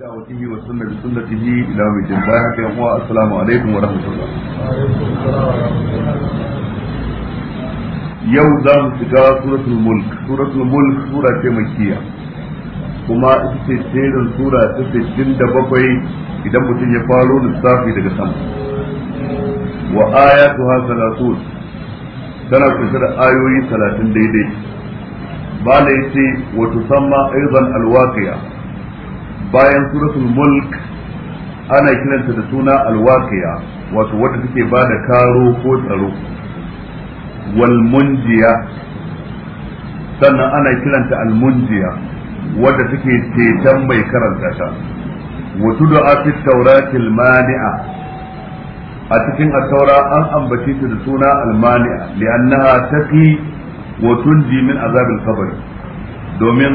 yau za mu shiga suratul mulk suratul mulk sura ce makiya kuma ita ce jerin sura ta sittin da bakwai idan mutum ya faro lissafi daga sama wa ayatu ha salatun tana kunshe da ayoyi talatin daidai ba la yace wa tusamma aidan alwaqiya bayan suratul mulk ana kiranta da suna alwaqiya wato wadda take ba da karo ko tsaro wal munjiya sannan ana kiranta al munjiya wadda take ceton mai karanta ta wa tud'a fi tawratil mani'a a cikin at an ambace ta da suna al-mani'a li'annaha taqi wa tunji min azabil qabr domin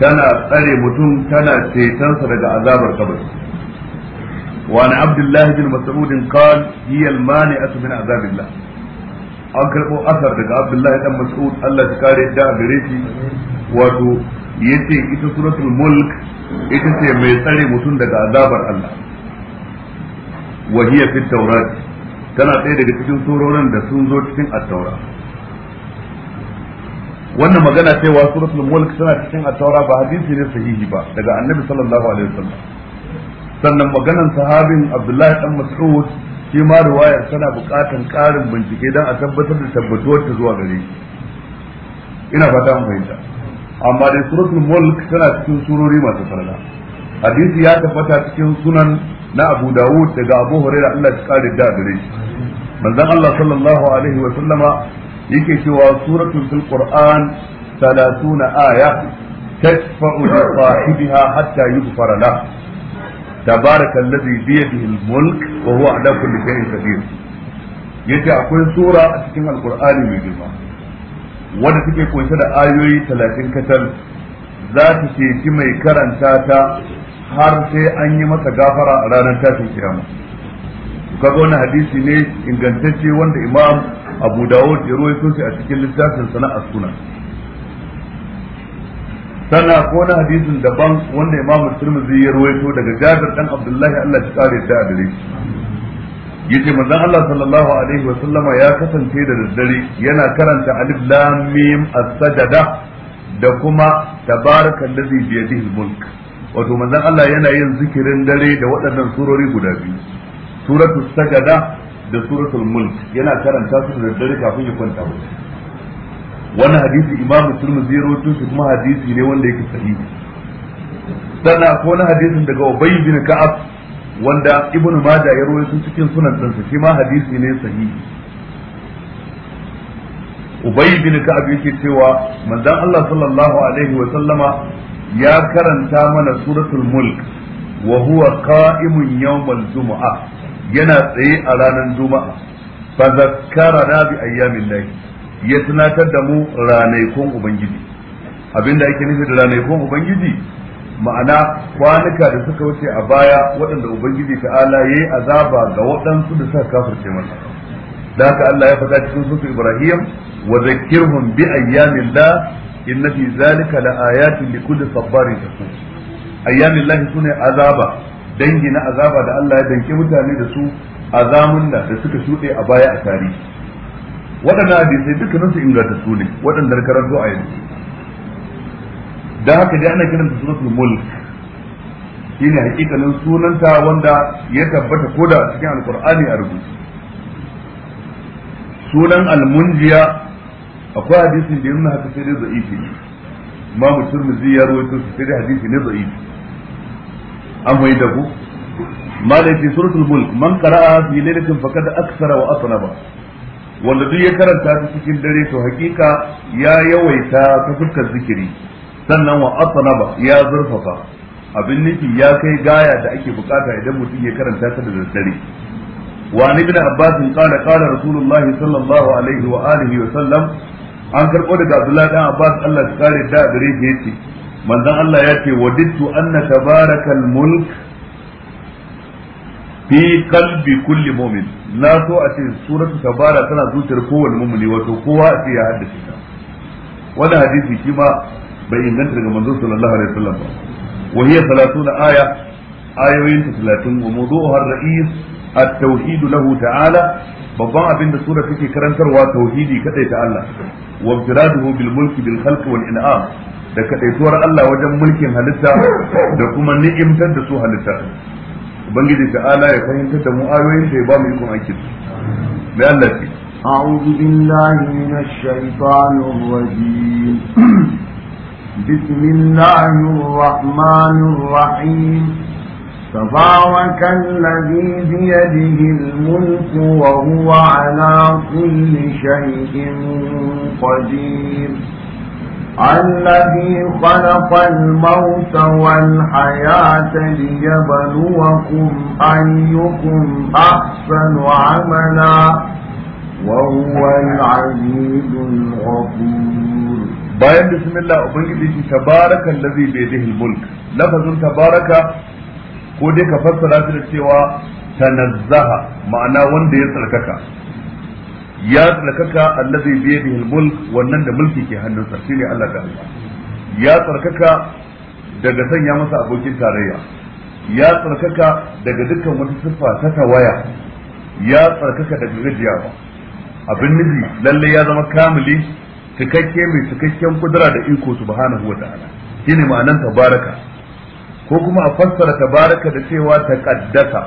tana tsare mutum tana cetonsa daga azabar kabari وعن عبد الله بن مسعود قال هي المانعة من عذاب الله an karɓo asar daga abdullahi dan mas'ud Allah ya kare da gare shi wato yace ita suratul mulk ita ce mai tsare mutum daga azabar Allah wa hiya fi tana ɗaya daga cikin surorin da sun zo cikin at-taura wannan magana cewa suratul mulk tana cikin at-taura ba hadisi ne sahihi ba daga annabi sallallahu alaihi wasallam sannan maganan sahabin abdullahi dan mas'ud shi ma riwayar tana buƙatan ƙarin bincike dan a tabbatar da tabbatuwar ta zuwa gare shi ina fata mun fahimta amma dai suratul mulk tana cikin surori masu farla hadisi ya tabbata cikin sunan na Abu Dawud daga Abu Hurairah Allah ya kare da gare shi manzon Allah sallallahu alaihi wa sallama yake cewa suratul fil qur'an 30 aya تدفع لصاحبها حتى يغفر له تبارك الذي بيده الملك وهو على كل شيء قدير yace akwai sura a cikin alkur'ani mai girma wanda take kunshe da ayoyi talatin katal za ta ceci mai karanta ta har sai an yi masa gafara a ranar tashin kiyama kaga wani hadisi ne ingantacce wanda imam abu dawud ya ruwaito sosai a cikin littafin sana a suna sana ko na hadisin daban wanda imam zai ya ruwaito daga jabir dan abdullahi Allah ya kare da ya ce mazan Allah sallallahu alaihi wa ya kasance da daddare yana karanta alif lam mim as-sajada da kuma da zai biya dihin mulk wato manzon Allah yana yin zikirin dare da waɗannan surori guda biyu suratu sajada da suratul mulk yana karanta su da dare kafin ya kwanta ba. wannan hadisi imamu turmuzi ya rawaito shi kuma hadisi ne wanda yake sahihi sannan ko na hadisin daga ubay bin ka'ab wanda ibnu majah ya rawaito cikin sunan ɗinsa shi ma hadisi ne sahihi ubay bin ka'ab yake cewa manzon Allah sallallahu alaihi wa sallama ya karanta mana suratul mulk wa huwa qa'imun yawmal jumu'ah yana tsaye a ranar juma'a fa na bi ayyamin lahi ya tunatar da mu ranakun ubangiji abinda ake nufi da ranakun ubangiji ma'ana kwanuka da suka wuce a baya waɗanda ubangiji ta'ala yayi azaba ga waɗansu da suka kafirce masa da haka Allah ya faɗa cikin sufi Ibrahim wa zakkirhum bi ayyamin la inna fi zalika la ayatin li kulli sabbarin Ayyamin ayyamillah sune azaba dangi na azaba da Allah ya danke mutane da su azamun da suka shuɗe a baya a tarihi waɗannan hadisai dukkanin su inganta su ne waɗanda karanto a yanzu da haka dai ana kiranta suratul mulk shine hakikanin sunanta wanda ya tabbata koda cikin alqur'ani a rubuce sunan almunjiya akwai hadisin da yana haka sai dai za'ifi zai turmizi ya rawaito sai dai hadisi ne za'ifi an mai da ku ma da yake suratul mulk man qara'a fi lailatin faqad aksara wa asnaba wanda duk ya karanta ta cikin dare to hakika ya yawaita ta fuskar zikiri sannan wa asnaba ya zurfafa abin nufi ya kai gaya da ake bukata idan mutum ya karanta ta da daddare وعن ابن عباس قال قال رسول الله صلى الله عليه وآله وسلم an karɓo daga Abdullahi dan Abbas Allah ya kare da gare shi manzon Allah ya ce wadittu anna tabarakal mulk fi kalbi kulli mu'min na so a ce suratu tabara tana zuciyar kowanne mu'mini wato kowa a ce ya haddace ta wannan hadisi shi ma bai inganta daga manzo sallallahu alaihi wasallam ba wa hiya 30 aya ayoyin ta talatin wa mawdu'uha ar-ra'is at-tauhid lahu ta'ala babban abin da sura take karantarwa tauhidi kadai ta Allah wa jiraduhu bil mulki bil wal in'am da kadaituwar Allah wajen mulkin halitta da kuma ni'imtar da su halitta ubangiji ta'ala ya fahimtar da mu ayoyin da ya ba mu ikon aikin. da Allah ce أعوذ بالله من الشيطان الرجيم بسم الله تبارك الذي بيده الملك وهو على كل شيء قدير الذي خلق الموت والحياة ليبلوكم أيكم أحسن عملا وهو العزيز الغفور باين بسم الله أبنجي تبارك الذي بيده الملك لفظ تبارك ko dai ka fassara shi da cewa tanazzaha ma'ana wanda ya tsarkaka ya tsarkaka allazi bi yadihi mulk wannan da mulki ke hannunsa shine Allah da Allah ya tsarkaka daga sanya masa abokin tarayya ya tsarkaka daga dukkan wata siffa ta tawaya ya tsarkaka daga gajiya ba. abin nufi lalle ya zama kamili cikakke mai cikakken kudura da iko subhanahu wa ta'ala shine ma'anan tabaraka ko kuma a fassara tabaraka da cewa taqaddasa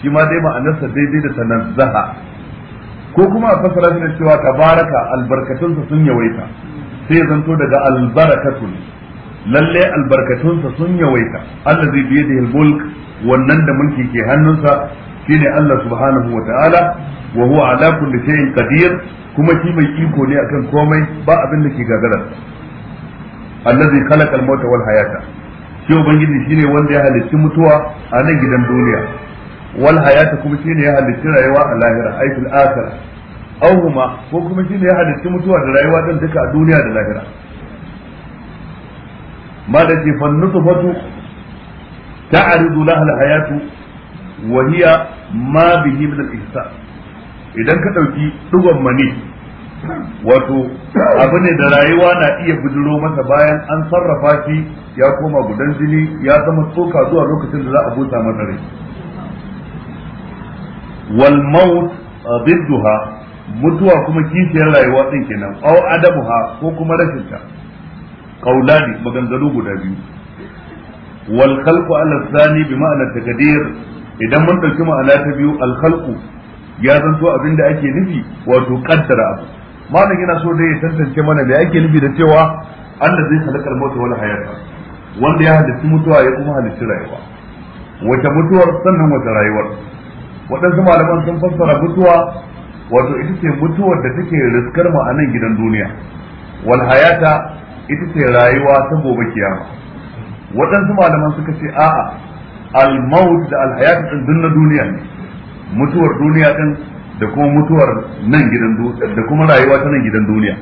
shi ma dai ma'anarsa daidai da tanazzaha ko kuma a fassara shi da cewa tabaraka albarkatunsa sun yawaita sai zanto daga albarakatun lalle albarkatunsa sun yawaita zai biye da almulk wannan da mulki ke hannunsa shine Allah subhanahu wa ta'ala wa huwa ala kulli shay'in qadir kuma shi mai iko ne akan komai ba abin da ke allah zai khalaqa al-mauta wal hayata shi ubangiji shine wanda ya halicci mutuwa a nan gidan duniya wal hayata kuma shine ya halicci rayuwa a lahira ai fil akhirah ko kuma shine ya halicci mutuwa da rayuwa din duka a duniya da lahira ma da ke fannutufatu ta'ridu laha al hayatu wa hiya ma bihi min al ihsan idan ka dauki dugon mani wato abu ne da rayuwa na iya bujiro masa bayan an sarrafa shi ya koma gudan jini ya zama soka zuwa lokacin da za a busa masa rai wal maut mutuwa kuma kishiyar rayuwa din kenan aw adabuha ko kuma rashin ta qaulani maganganu guda biyu wal khalqu ala thani bi ma'ana taqdir idan mun dauki ma'ana ta biyu al khalqu ya zanto abinda ake nufi wato ƙaddara abu malam yana so dai ya tantance mana da yake nufi da cewa Allah zai halakar mota wani hayata wanda ya halitta mutuwa ya kuma halitta rayuwa wata mutuwar sannan wata rayuwar waɗansu malaman sun fassara mutuwa wato ita ce mutuwar da take riskar mu a nan gidan duniya wal hayata ita ce rayuwa ta gobe kiyama waɗansu malaman suka ce a'a al maut da al hayata din na duniya ne mutuwar duniya din da kuma mutuwar nan gidan duniya da kuma rayuwa ta nan gidan duniya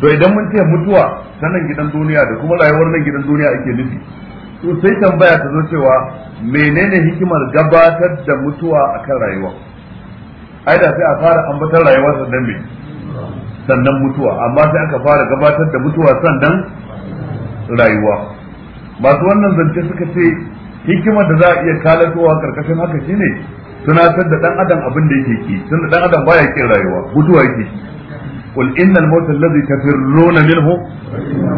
to idan mun ce mutuwa ta nan gidan duniya da kuma rayuwar nan gidan duniya ake nufi to sai tambaya ta zo cewa menene hikimar gabatar da mutuwa akan rayuwa ai da sai a fara ambatar rayuwa sannan me sannan mutuwa amma sai aka fara gabatar da mutuwa sannan rayuwa masu wannan zance suka ce hikimar da za a iya kalatowa karkashin haka shine tunatar da dan adam abin da yake ki tunda dan adam baya kin rayuwa guduwa yake قل إن الموت الذي تفرون منه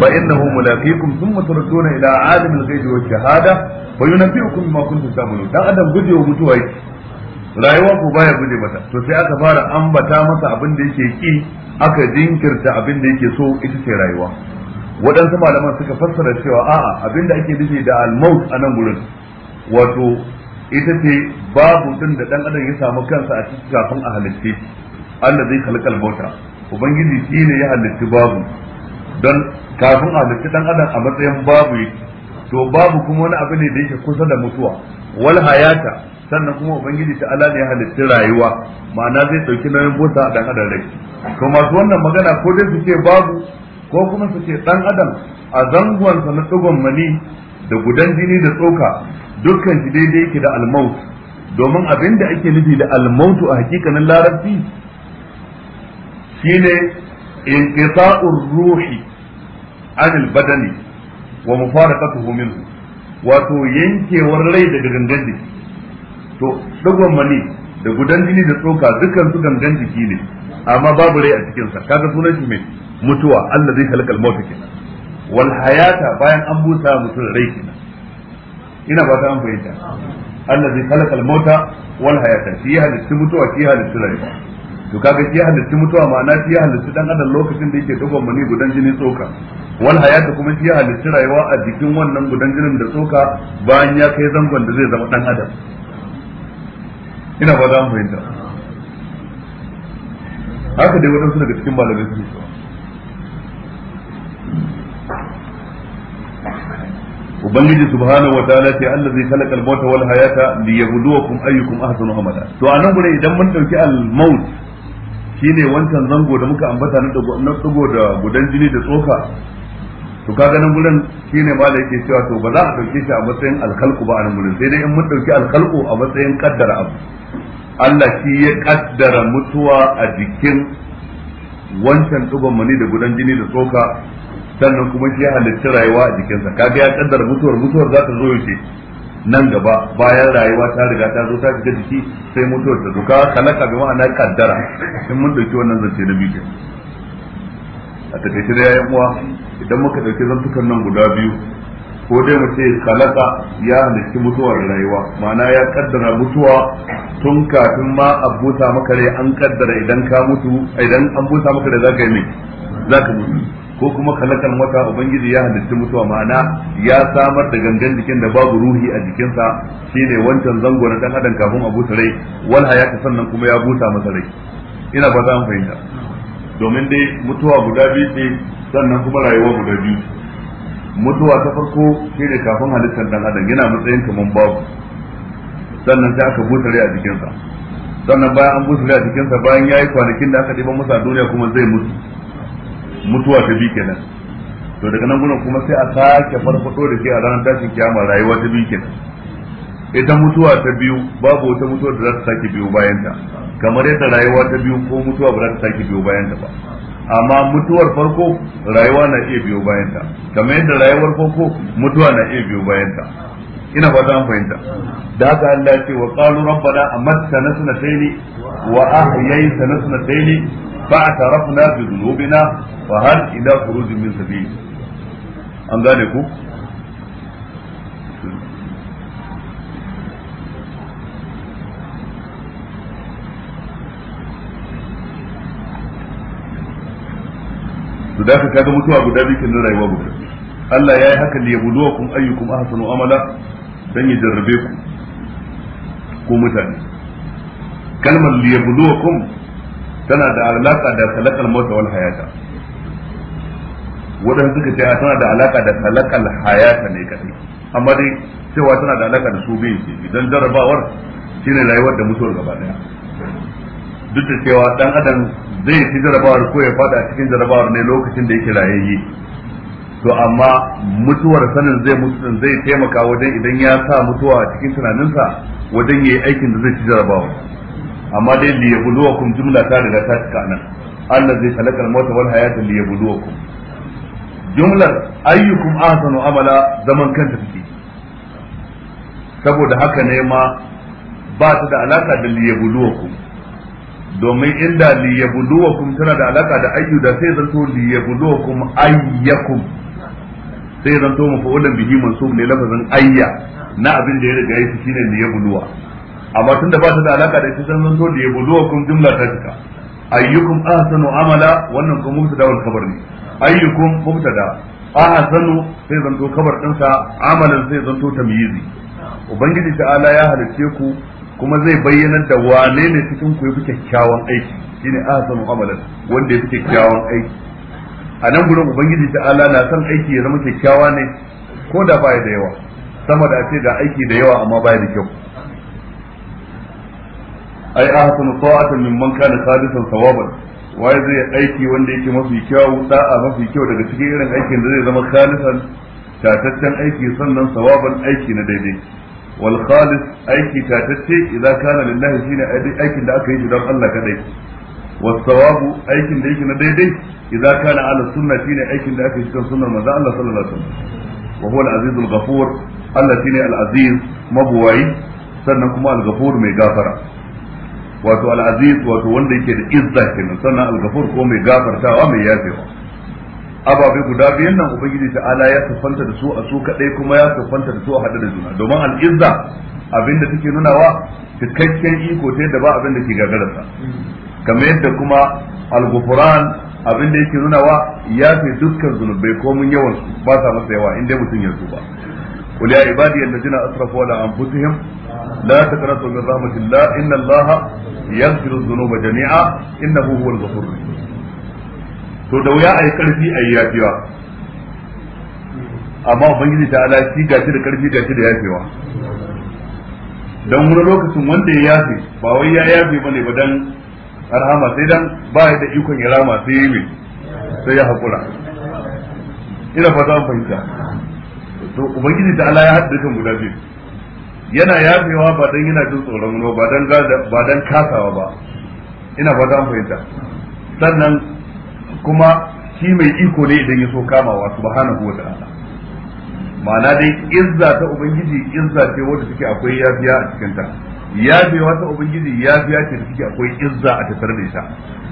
فإنه ملاقيكم ثم تردون إلى عالم الغيب والشهادة فينبئكم بما كنتم تعملون dan adam guje wa mutuwa yake rayuwa ko baya guje mata to sai aka fara ambata masa abin da yake ki aka jinkirta abin da yake so ita ce rayuwa waɗansu malaman suka fassara cewa a'a abin da ake nufi da al-maut a nan gurin wato ita ce babu din da dan adam ya samu kansa a cikin kafin a halitta Allah zai kalkal bauta ubangiji shi ya halitta babu don kafin a halitta dan adam a matsayin babu to babu kuma wani abu ne da yake kusa da mutuwa wal hayata sannan kuma ubangiji ta Allah ne ya halitta rayuwa ma'ana zai dauki nauyin busa a dan adam rai to masu wannan magana ko dai su ce babu ko kuma su ce dan adam a zangonsa na tsugon mani da gudan jini da tsoka dukkan shi daidai yake da al domin abin da ake nufi da al-maut a hakikanin larabci shine inqita'ur ruhi anil badani wa mufaraqatuhu minhu wato yankewar rai daga gangan jiki to dogon mani da gudan jini da tsoka dukkan su gangan jiki ne amma babu rai a cikin sa kaga sunan shi mai mutuwa Allah zai halakal mauta kenan wal hayata bayan an busa mutum rai kenan ina ba ta an fahimta Allah zai halakal mota wal hayata shi ya halitta mutuwa shi ya halitta rayuwa to kaga shi ya halitta mutuwa ma'ana shi ya halitta dan adam lokacin da yake dogon mani gudan jini tsoka wal hayata kuma shi ya halitta rayuwa a jikin wannan gudan jinin da tsoka bayan ya kai zangon da zai zama dan adam ina ba za mu fahimta haka dai wadansu daga cikin malamai su ubangiji subhanahu wa ta'ala ce allazi khalaqal mauta wal hayata liyabluwakum ayyukum ahsanu amala to anan gure idan mun dauki al maut shine wancan zango da muka ambata na dago na dago da gudan jini da tsoka to kaga nan gurin shine ba da yake cewa to ba za a dauke shi a matsayin alkhalqu ba anan gurin sai dai in mun dauki alkhalqu a matsayin kaddara abu Allah shi ya kaddara mutuwa a jikin wancan tsugon mani da gudan jini da tsoka sannan kuma shi ya halicci rayuwa a jikinsa kaga ya kaddara mutuwar mutuwar za ta zo yaushe nan gaba bayan rayuwa ta riga ta zo ta shiga jiki sai mutuwar ta zo ka kalaka bi ma'ana kaddara in mun dauki wannan zance na biyu a takaice da yayin uwa idan muka dauki zantukan nan guda biyu ko dai mu ce kalaka ya halitti mutuwar rayuwa ma'ana ya kaddara mutuwa tun kafin ma a busa maka rai an kaddara idan ka mutu idan an busa maka rai zaka yi mai zaka mutu ko kuma kalakal mata ubangiji ya halitta mutuwa ma'ana ya samar da gangan jikin da babu ruhi a jikinsa shine wancan zango na dan adam kafin a buta rai wal hayata sannan kuma ya busa masa rai ina ba za mu fahimta domin dai mutuwa guda biyu ce sannan kuma rayuwa guda biyu mutuwa ta farko shine kafin halittar dan adam yana matsayin kaman babu sannan sai aka buta rai a jikinsa sannan bayan an busa rai a jikinsa bayan yayi kwanakin da aka ɗiba masa duniya kuma zai mutu mutuwa ta bi kenan to daga nan gurin kuma sai a sake farfado da ke a ranar tashin kiyama rayuwa ta bi kenan ita mutuwa ta biyu babu wata mutuwa da za ta sake biyu bayan ta kamar yadda rayuwa ta biyu ko mutuwa ba za ta sake biyu bayan ta ba amma mutuwar farko rayuwa na iya biyu bayan ta kamar yadda rayuwar farko mutuwa na iya biyu bayan ta ina fata an fahimta da haka Allah ya ce wa qalu rabbana amatta nasnatayn wa ahyaytana nasnatayn فاعترفنا بذنوبنا فهل إلى خروج من سبيل an gane ku su da ka kaga mutuwa guda bikin na rayuwa guda Allah ya yi haka ne ya buluwa kuma ayyukum ahsanu amala dan ya jarrabe ku ku mutane kalmar liyabluwakum tana da alaka da talakal mota wal hayata wadanda suka ce ah, tana da alaka da talakal hayata ne kadai amma dai cewa tana da alaka da su biyu ce idan jarabawar shine rayuwar da mutuwar gaba daya duk da cewa dan adam zai ci jarabawar ko ya fada cikin jarabawar ne lokacin da yake rayayye to amma mutuwar sanin zai mutu din zai taimaka wajen idan ya sa mutuwa cikin tunaninsa wajen yayi aikin da zai ci jarabawar amma dai li yabluwakum jumla ta riga ta cika nan allazi al mauta wal hayata li yabluwakum jumlar ayyukum ahsanu amala zaman kanta take saboda haka ne ma ba ta da alaka da li yabluwakum domin inda li yabluwakum tana da alaka da ayyu da sai zanto li yabluwakum ayyakum sai zanto mafa'ulan bihi mansub ne lafazin ayya na abin da ya riga yake shine li yabluwakum amma tun da ba ta da alaka da ita san zan zo da ya zuwa kun jumla ta cika ayyukum ahsanu amala wannan kuma mubtada wal khabar ne ayyukum mubtada ahsanu sai zanto kabar sa amalan sai zanto tamyizi ubangiji ta'ala ya halicce ku kuma zai bayyanar da wane ne cikin ku yafi kyakkyawan aiki shine ahsanu amalan wanda yafi kyakkyawan aiki a nan gurin ubangiji ta'ala na san aiki ya zama kyakkyawa ne ko da baya da yawa sama da ce da aiki da yawa amma baya da kyau ai ahsanu sa'atan mimman kana sadisan sawaban waye zai aiki wanda yake mafi kyau da'a mafi kyau daga cikin irin aikin da zai zama khalisan tataccen aiki sannan sawaban aiki na daidai wal khalis aiki tatacce idan kana lillahi shine aikin da aka yi shi don Allah kadai was sawabu aikin da yake na daidai idan kana ala sunna shine aikin da aka yi shi kan sunnar manzo Allah sallallahu alaihi wasallam wa huwa al aziz al ghafur Allah shine al aziz mabuwai sannan kuma al ghafur mai gafara wato al wato wanda yake da izza kenan sannan al gafur ko mai gafartawa mai yafewa ababe guda biyan nan ubangiji ta'ala ya tafanta da su a su kadai kuma ya tafanta da su a hadda da juna domin al-izza abinda take wa cikakken iko ta yadda ba abin da ke sa kamar yadda kuma al-ghufran abin da yake wa, ya fi dukkan zunubai ko mun yawan su ba sa masa yawa in dai mutum ya ba قل يا عبادي الذين اسرفوا على انفسهم لا تقنطوا من رحمه الله ان الله يغفر الذنوب جميعا انه هو الغفور الرحيم to da wuya a yi ƙarfi, a yi yafewa amma ubangiji ta ala shi gashi da ƙarfi, gashi da yafewa don wani lokacin wanda ya yafe ba wai ya yafe ba ne ba dan arhama sai dan ba ya da ikon ya rama sai yi sai ya haƙura ina fata an fahimta to ubangiji da Allah ya haɗa dukan guda biyu yana yafewa ba dan yana jin tsoron wani ba dan ba dan kasawa ba ina ba za mu fahimta sannan kuma shi mai iko ne idan ya so kamawa subhanahu wa ta'ala ma'ana dai izza ta ubangiji izza ce wanda take akwai yafiya a cikin ta yafewa ta ubangiji yafiya ce da take akwai izza a tattare da ita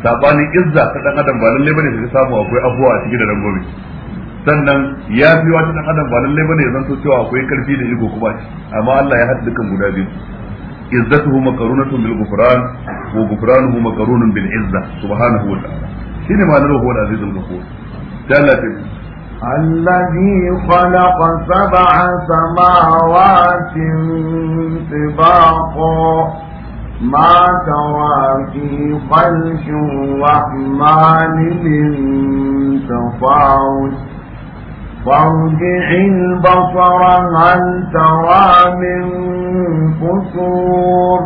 sabanin izza ta dan adam ba lalle bane ka samu akwai abuwa a cikin da rangobi sannan ya fi wata ta adam ba lallai bane zan so cewa akwai karfi da iko kuma amma Allah ya haddaka guda biyu izzatuhu makarunatun bil gufran wa gufranuhu makarunun bil izza subhanahu wa ta'ala shine ma'anar huwa al-azizul ghafur dalilin الذي خلق سبع سماوات طباقا ما ترى في خلق الرحمن من تفاوت فارجع البصر هل ترى من فسور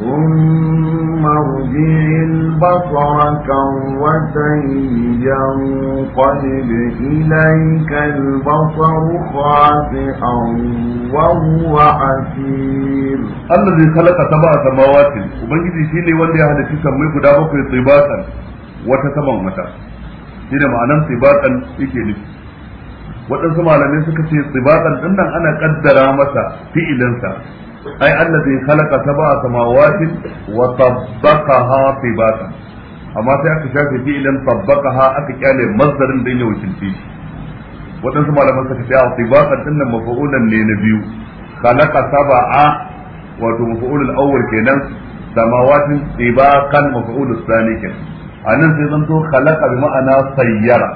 ثم ارجع البصر كرتين ينقلب إليك البصر خاسئا وهو حسير الذي خلق سبع سماوات ومن يجي شيء لولي أهل الشيء ملك دابك طيباتا وتسمع متى هنا معنى طباقا يكي نفسه waɗansu malamai suka ce tsibatan din nan ana ƙaddara masa fi'ilinsa ai allazi khalaqa sab'a samawatin wa tabbaqaha tibatan amma sai aka shafe fi'ilin tabbaqaha aka kyale masdarin da ya wakilce waɗansu malaman suka ce a tibatan din nan mafa'ulan ne na biyu khalaqa sab'a wato mafa'ulul awwal kenan samawatin tibaqan mafa'ulus thani kenan anan sai zanto khalaqa bi ma'ana sayyara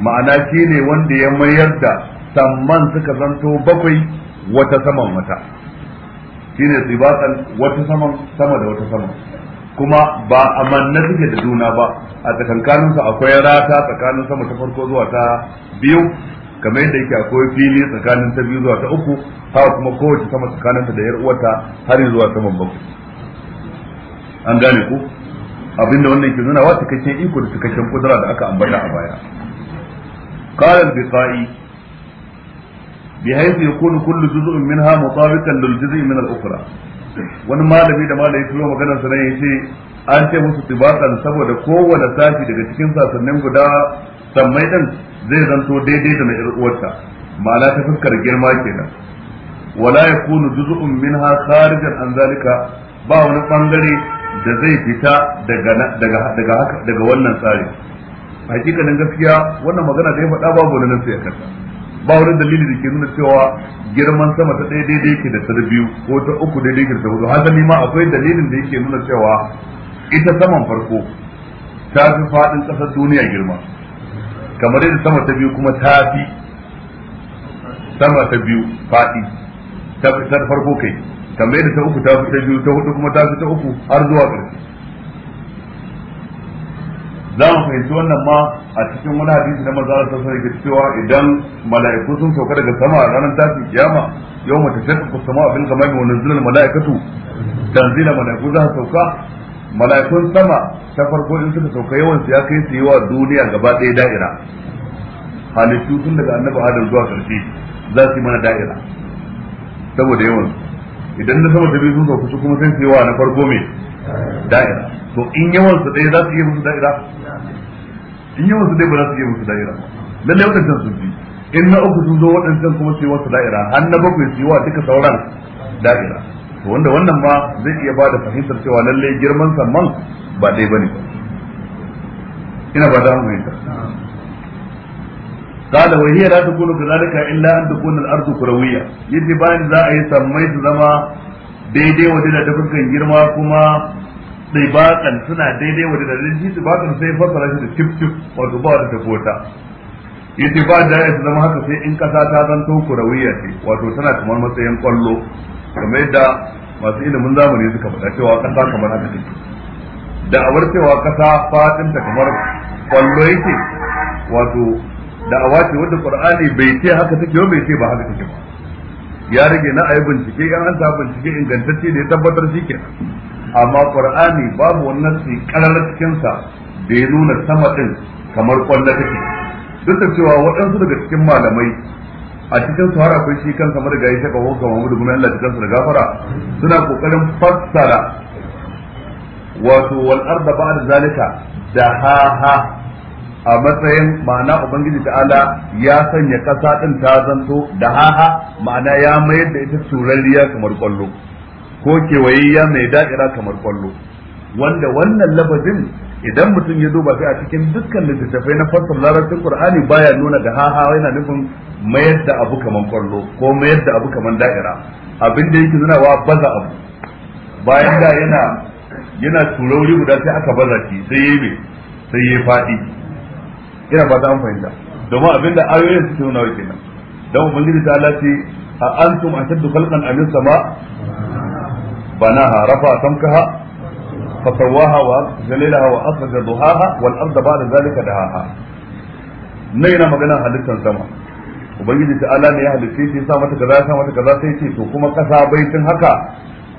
ma'ana shi ne wanda ya mayar da samman suka zanto bakwai wata saman wata shi ne tsibatan wata saman sama da wata saman kuma ba a manna suke da juna ba a tsakankaninsu akwai rata tsakanin sama ta farko zuwa ta biyu kamar yadda yake akwai fili tsakanin ta biyu zuwa ta uku haka kuma kowace sama tsakaninta da yar uwata har zuwa saman bakwai an gane ku abinda wannan ke nuna wa cikakken iko da cikakken kudura da aka ambata a baya قال البقائي بحيث يكون كل جزء منها مطابقا للجزء من الأخرى wani malami da malami tuyo maganar sa ya ce an ce musu tibatan saboda kowane sashi daga cikin sasannin guda sammai din zai zanto daidai da na uwarta ma'ana ta fuskar girma kenan wala yakunu juz'un minha kharijan an zalika ba wani bangare da zai fita daga daga daga wannan tsari hakikanin gaskiya wannan magana da ya faɗa babu wani nasu ya kasa ba wani dalili da ke nuna cewa girman sama ta ɗaya daidai yake da ta biyu ko ta uku daidai yake da ta hudu haka ma akwai dalilin da yake nuna cewa ita saman farko ta fi faɗin ƙasar duniya girma kamar yadda sama ta biyu kuma ta fi sama ta biyu faɗi ta farko kai kamar yadda ta uku ta fi ta biyu ta hudu kuma ta fi ta uku har zuwa ƙarshe za mu fahimci wannan ma a cikin wani hadisi na maza a sassan yake cewa idan mala'iku sun sauka daga sama a ranar tafi kiyama yau mata ku sama abin kamar wani zinar mala'ikatu tanzila mala'iku za su sauka mala'ikun sama ta farko in suka sauka yawan su ya kai su yi wa duniya gaba ɗaya da'ira halittu tun daga annabi adam zuwa karshe za su yi mana da'ira saboda yawan idan na sama ta biyu sun sauka su kuma sai su yawa na farko mai da'ira to in yawan su dai za su iya musu da'ira in yawan su dai ba za su iya musu da'ira lalle wadannan sun bi in na uku sun zo wadannan kuma su yi wasu da'ira har na bakwai su yi wa duka sauran da'ira to wanda wannan ma zai iya ba da fahimtar cewa lalle girman man ba dai bane ina ba da mu fahimta قال وهي لا تكون كذلك الا ان تكون الارض كرويه يجي بان ذا اي سميت zama. daidai wa da dukkan girma kuma tsibatan suna daidai wa da shi kan sai fasara shi da cif cif wato ba da tafota yace ba da ya zama haka sai in kasa ta zan zanto kurawiya ce wato tana kamar matsayin kwallo kamar yadda masu ilimin zamani suka faɗa cewa kasa kamar haka take awar cewa kasa ta kamar kwallo yake wato da ce wadda qur'ani bai ce haka take ba bai ce ba haka take ba ya rage na ayi bincike yan an ta bincike ingantacce da ya tabbatar shi ke amma qur'ani babu wannan sai karar cikin sa da ya nuna sama din kamar kwalla take duk da cewa waɗansu daga cikin malamai a cikin su har akwai shi kansa ga ya kawo ga Muhammadu bin Allah cikin su da gafara suna kokarin fassara wato wal arda ba'da zalika da ha ha a matsayin ma'ana ubangiji ta'ala ya sanya kasa din ta zanto da haha ma'ana ya mayar da ita turarriya kamar kwallo ko kewayayya mai da'ira kamar kwallo wanda wannan lafazin idan mutum ya duba sai a cikin dukkan littattafai na fassar larabcin qur'ani baya nuna da haha yana nufin mayar da abu kamar kwallo ko mayar da abu kamar da'ira abin da yake nuna wa baza abu bayan da yana yana turauri guda sai aka baza shi sai yayi sai yayi fadi ina ba ta an fahimta domin abinda ayoyin su nuna kenan dan ubangiji ta Allah ce a antum ashaddu khalqan am sama banaha rafa samkaha fasawaha wa jalalaha wa akhraja duhaha wal arda ba'da zalika dahaha nan yana magana halittar sama ubangiji ta ala ne ya halitta shi sa mata kaza sa mata kaza sai ce to kuma kasa baitin haka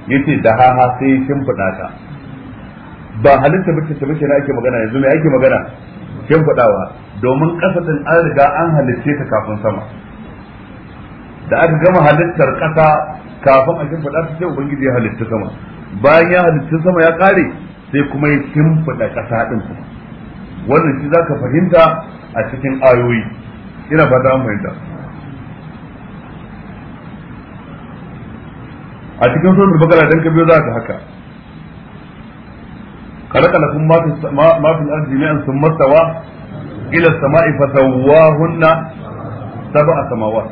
yace dahaha sai shimfida ta ba halitta bace ta bace na ake magana yanzu me ake magana fadawa domin ƙasa din an riga an halitta ta kafin sama da aka gama halittar kasa kafin a fada ta ce, ubangiji ya halitta sama bayan ya halitta sama ya kare sai kuma ya shimfiɗa kasa ɗin kuma wannan shi za fahimta a cikin ayoyi ina fata an fahimta a cikin sunan bakara dan ka biyo za haka khalaqa lakum ma fi ma fi al-ardi jami'an thumma tawa ila as-sama'i fatawahunna sab'a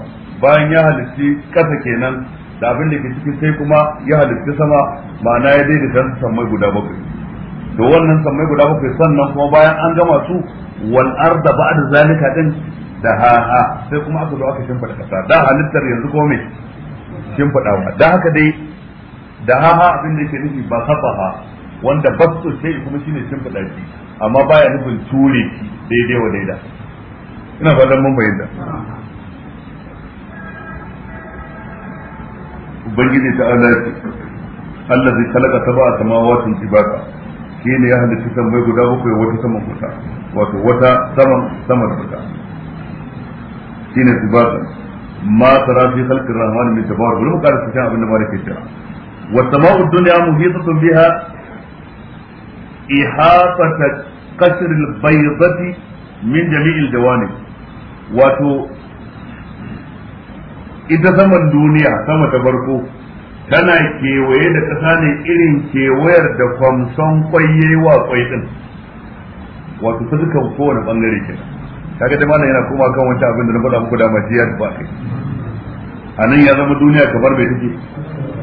bayan ya halitti ƙasa kenan da abin da ke ciki sai kuma ya halitti sama ma'ana ya dai-dai san sammai guda bakwai to wannan sammai guda bakwai sannan kuma bayan an gama su wal arda ba'da zalika din da ha ha sai kuma aka zo aka shimfida kasa da halittar yanzu ko me shimfidawa da haka dai da ha ha abin da yake nufi ba safaha wanda basu sai kuma shine shimfiɗa shi amma baya nufin ture shi daidai wa daida ina fatan mun bayyana ubangiji ta alati ce Allah zai talaka ta ba a samawatin kibaka shi ne ya halitta mai guda bakwai wata saman kuta wato wata saman saman kuta shi ne kibaka ma tara fi khalqir rahman min tabaruk bul muqaddis kan abin da malaka ya ce wa samaa'ud dunya muhitatun biha ihafata kashr al-baydati min jami'il jawanib wato ita zaman duniya sama ta farko tana kewaye da kasa ne irin kewayar da kwamson kwaye wa kwai din wato ta dukkan kowane bangare ke kaga da malam yana kuma kan wancan abin da na faɗa muku da majiya ba kai a nan ya zama duniya kamar mai take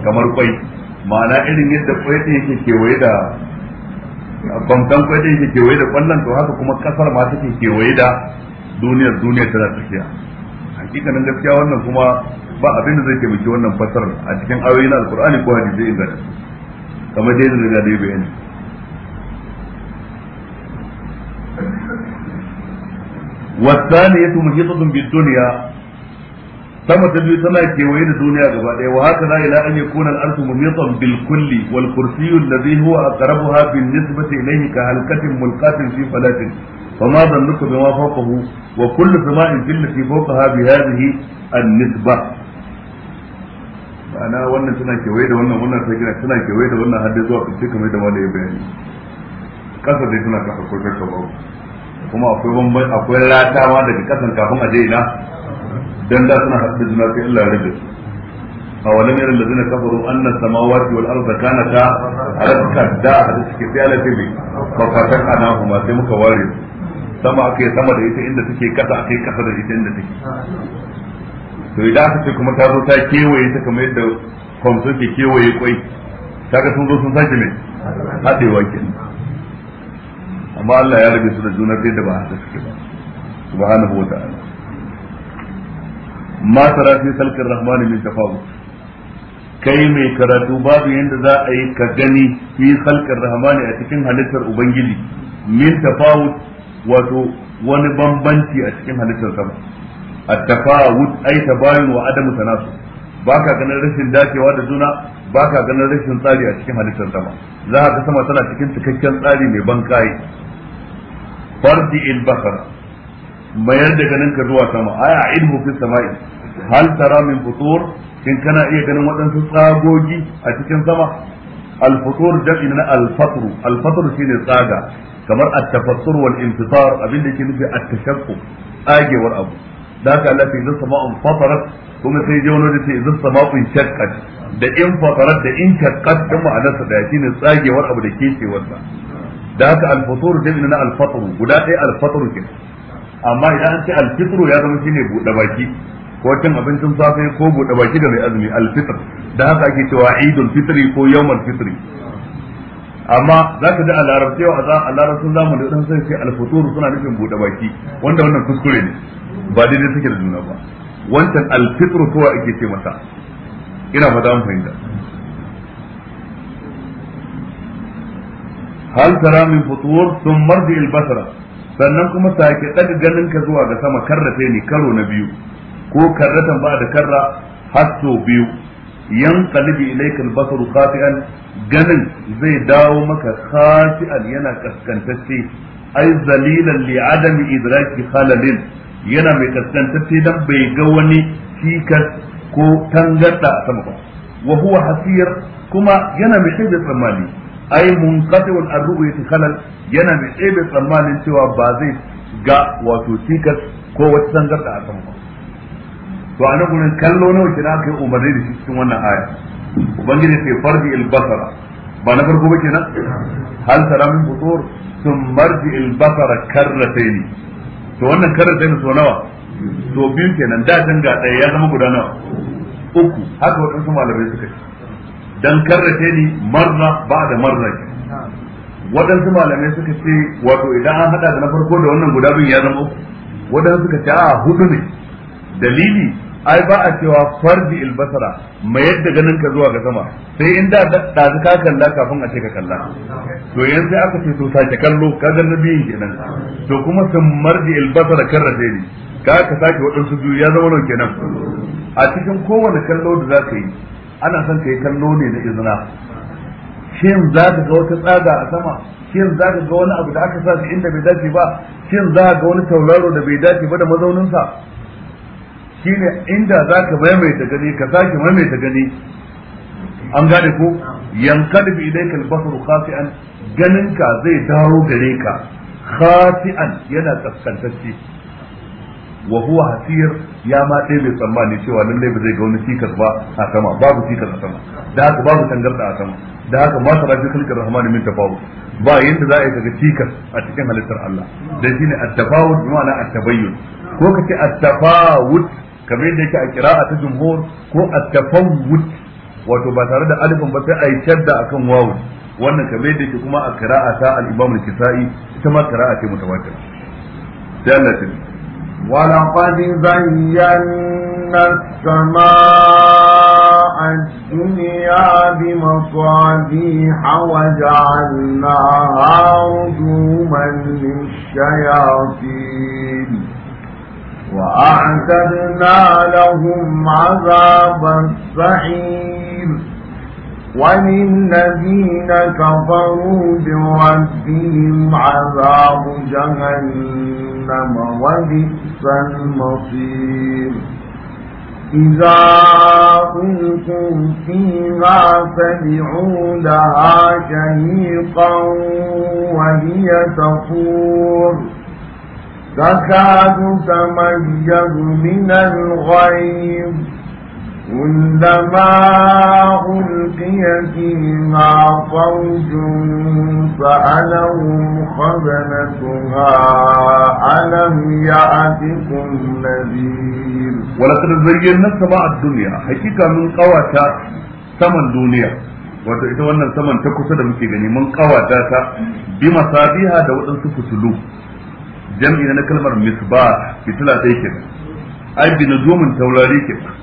kamar kwai ma'ana irin yadda kwai din yake kewaye da kwamtan kwai da yake kewaye da kwallon to haka kuma kasar ma take kewaye da duniyar duniyar tana tsakiya hakikanin gaskiya wannan kuma ba abin da zai taimaki wannan fasar a cikin ayoyi na alkur'ani ko hadisi inganta kamar dai da dai bayani والثانية محيطة بالدنيا sama ta biyu tana kewaye da duniya gaba ɗaya wa haka za ila an yakuna al-ardu muhitan bil kulli wal kursiyyu alladhi huwa karabu aqrabuha bin nisbati ilayhi ka halqatin mulkatin fi falatin ma zan nuka fama dhannuka bima fawqahu wa kullu sama'in fillati fawqaha bi hadhihi an-nisba ma'ana wannan tana kewaye da wannan wannan ta gina tana kewaye da wannan har zuwa kace kamar da wanda ya bayani kasa dai tana kafa kurkar kuma akwai akwai ma daga kasan kafin aje ina dan da suna haɗu da juna sai Allah ya rage su a walam yaran da zina kafaru annas samawati wal arda kanata alaka da hada suke sai Allah sai ba fatan ana kuma sai muka ware sama aka yi sama da ita inda take kasa aka kasa da ita inda take to idan aka ce kuma ta zo ta kewaye ta kamar yadda kwamso ke kewaye kwai kaga sun zo sun sake mai haɗewa ke. amma Allah ya rage su da juna sai da ba haka suke ba subhanahu wa ta'ala ma tara fi salkin rahmani min tafawu. kai mai karatu babu yadda za a yi ka gani fi halkar rahmani a cikin halittar ubangiji min tafawut wato wani bambanci a cikin halittar sama at tafawut ai tabayun wa adamu tanasu baka ganin rashin dacewa da juna baka ganin rashin tsari a cikin halittar sama za ka sama tana cikin cikakken tsari mai ban kai fardi il basar mayar da ganin zuwa sama aya ilmu fi sama'i hal tara min futur in kana iya ganin waɗansu tsagogi a cikin sama al futur jam'i na al fatru al fatru shine tsaga kamar at tafassur wal intisar abin da yake nufi at tashaqqu agewar abu da haka Allah sai zama an fatarat kuma sai jawo da sai zama sama'u shaqqat da in fatarat da in shaqqat da ma'anarsa da shine tsagewar abu da ke cewa da haka al futur jam'i na al fatru guda ɗaya al fatru kenan amma idan an ce alfitru ya zama shine buɗe baki ko cin abincin safe ko buɗe baki da mai azumi alfitr da haka ake cewa idul fitri ko yawmal fitri amma za ka ji a larabci yau a larabcin zamani ɗan sai ce alfutur suna nufin buɗe baki wanda wannan kuskure ne ba daidai suke da juna ba wancan alfitru kowa ake ce masa ina fata mu fahimta hal tara min futur sun marji albasara sannan kuma sake ɗaga ganin ka zuwa ga sama karrata ne karo na biyu ko karratan ba da karra hasso biyu yan qalibi ilayka basaru qati'an ganin zai dawo maka khati'an yana kaskantacce ai zalilan li adam idraki khalalin yana mai kaskantacce dan bai ga wani cikas ko tangarda a sama ba wa huwa hasir kuma yana mai shaida tsammani ai munqati'un ar-ru'yati khalal yana mai tsebe tsammanin cewa ba zai ga wato tikas ko wata sangarda a ba to a nan kallo nawa kina kai umarni da cikin wannan aya ubangiji sai farji al-basara ba na farko ba kenan hal salam butur sun marji al-basara karratayn to wannan karratayn so nawa to biyu kenan da tanga daya ya zama guda nawa uku haka wadansu malamai suka ce dan karrace ni marra ba da marra waɗansu malamai suka ce wato idan an haɗa da na farko da wannan guda biyu ya zama uku waɗansu suka ce a hudu ne dalili ai ba a cewa farji ilbasara mai yadda ganin ka zuwa ga sama sai in da ɗazu ka kalla kafin a ce ka kalla to yanzu aka ce to sake kallo ka ga na biyun kenan to kuma sun marji ilbasara karrace ni ka ka sake waɗansu biyu ya zama nan kenan a cikin kowane kallo da za ka yi ana son yi kallo ne da izina shin za ka ga wata tsaga a sama shin za ka ga wani abu da aka sa inda bai dace ba shin za ka ga wani tauraro da bai dace ba da mazauninsa shine inda za ka maimaita gani ka sake maimaita gani an gane ko yankadu bi ilayka al-basaru khasi'an ganinka zai dawo gare ka khasi'an yana kaskantacce wa huwa hasir ya ma dai bai tsammani cewa lallai ba zai ga wani cikas ba a sama babu cikas a sama da haka babu tangarda a sama da haka ma tarafi kalkar rahman min tafawud ba yanda za a yi daga cikas a cikin halittar Allah dan shine at-tafawud bi ma'ana at-tabayyun ko kace at-tafawud kamar yadda yake a qira'a ta jumhur ko at-tafawud wato ba tare da alifin ba sai a yi shadda akan wawu wannan kamar yadda yake kuma a qira'a ta al-imam al-kisai ita ma qira'a ce mutawatir sai Allah ولقد بينا السماء الدنيا بمصابيح وجعلناها رجوما للشياطين وأعتدنا لهم عذاب السعير وللذين كفروا بربهم عذاب جهنم وبئس المصير إذا كنتم فيما سمعوا لها شهيقا وهي تفور تكاد تميز من الغيظ كلما ألقي فيها فوج سألهم خزنتها ألم يأتكم نذير ولقد زينا سماء الدنيا حقيقة من قواتا saman duniya wato ita wannan saman ta kusa da muke gani mun kawata ta bi masabiha da waɗansu fusulu jam'i na kalmar misbah fitila ɗaya kenan ai bi taurari kenan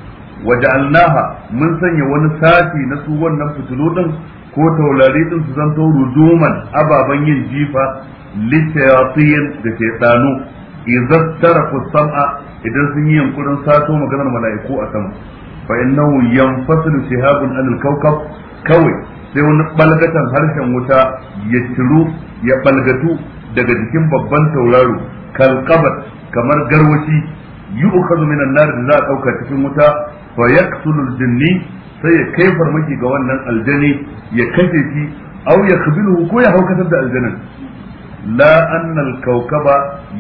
waja'alnaha mun sanya wani sati na su wannan fitilu ko taurari din su zanto ruduman ababan yin jifa litayatin da ke tsano idan tarafu sam'a idan sun yi yankurin sato maganar mala'iku a sama fa innahu yanfasilu shihabun anil kawkab kawai sai wani balgatan harshen wuta ya ciru ya balgatu daga jikin babban tauraro kalqabat kamar garwashi yu'khadhu minan nar da za a cikin wuta fa yaqtulu al-jinni sai ya kai farmaki ga wannan aljani ya kashe shi aw yakhbiluhu ko ya haukatar da aljanin la anna al-kawkaba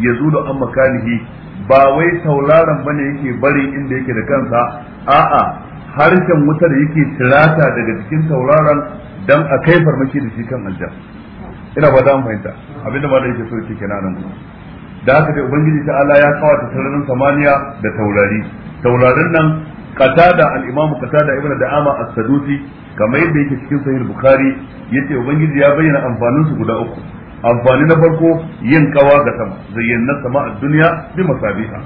yazulu an makanihi ba wai tauraron bane yake bari inda yake da kansa a'a harshen wutar yake tirata daga cikin tauraron dan a kai farmaki da shi kan aljan ina ba an fahimta abinda ma da yake so yake kenan nan da haka dai ubangiji ta'ala ya kawata sararin samaniya da taurari taurarin nan qatada al-imam qatada ibn da'ama as-sadusi kamar yadda yake cikin sahih bukhari yace ubangiji ya bayyana amfanin su guda uku amfani na farko yin kawa ga sama zayyana sama a duniya bi masabiha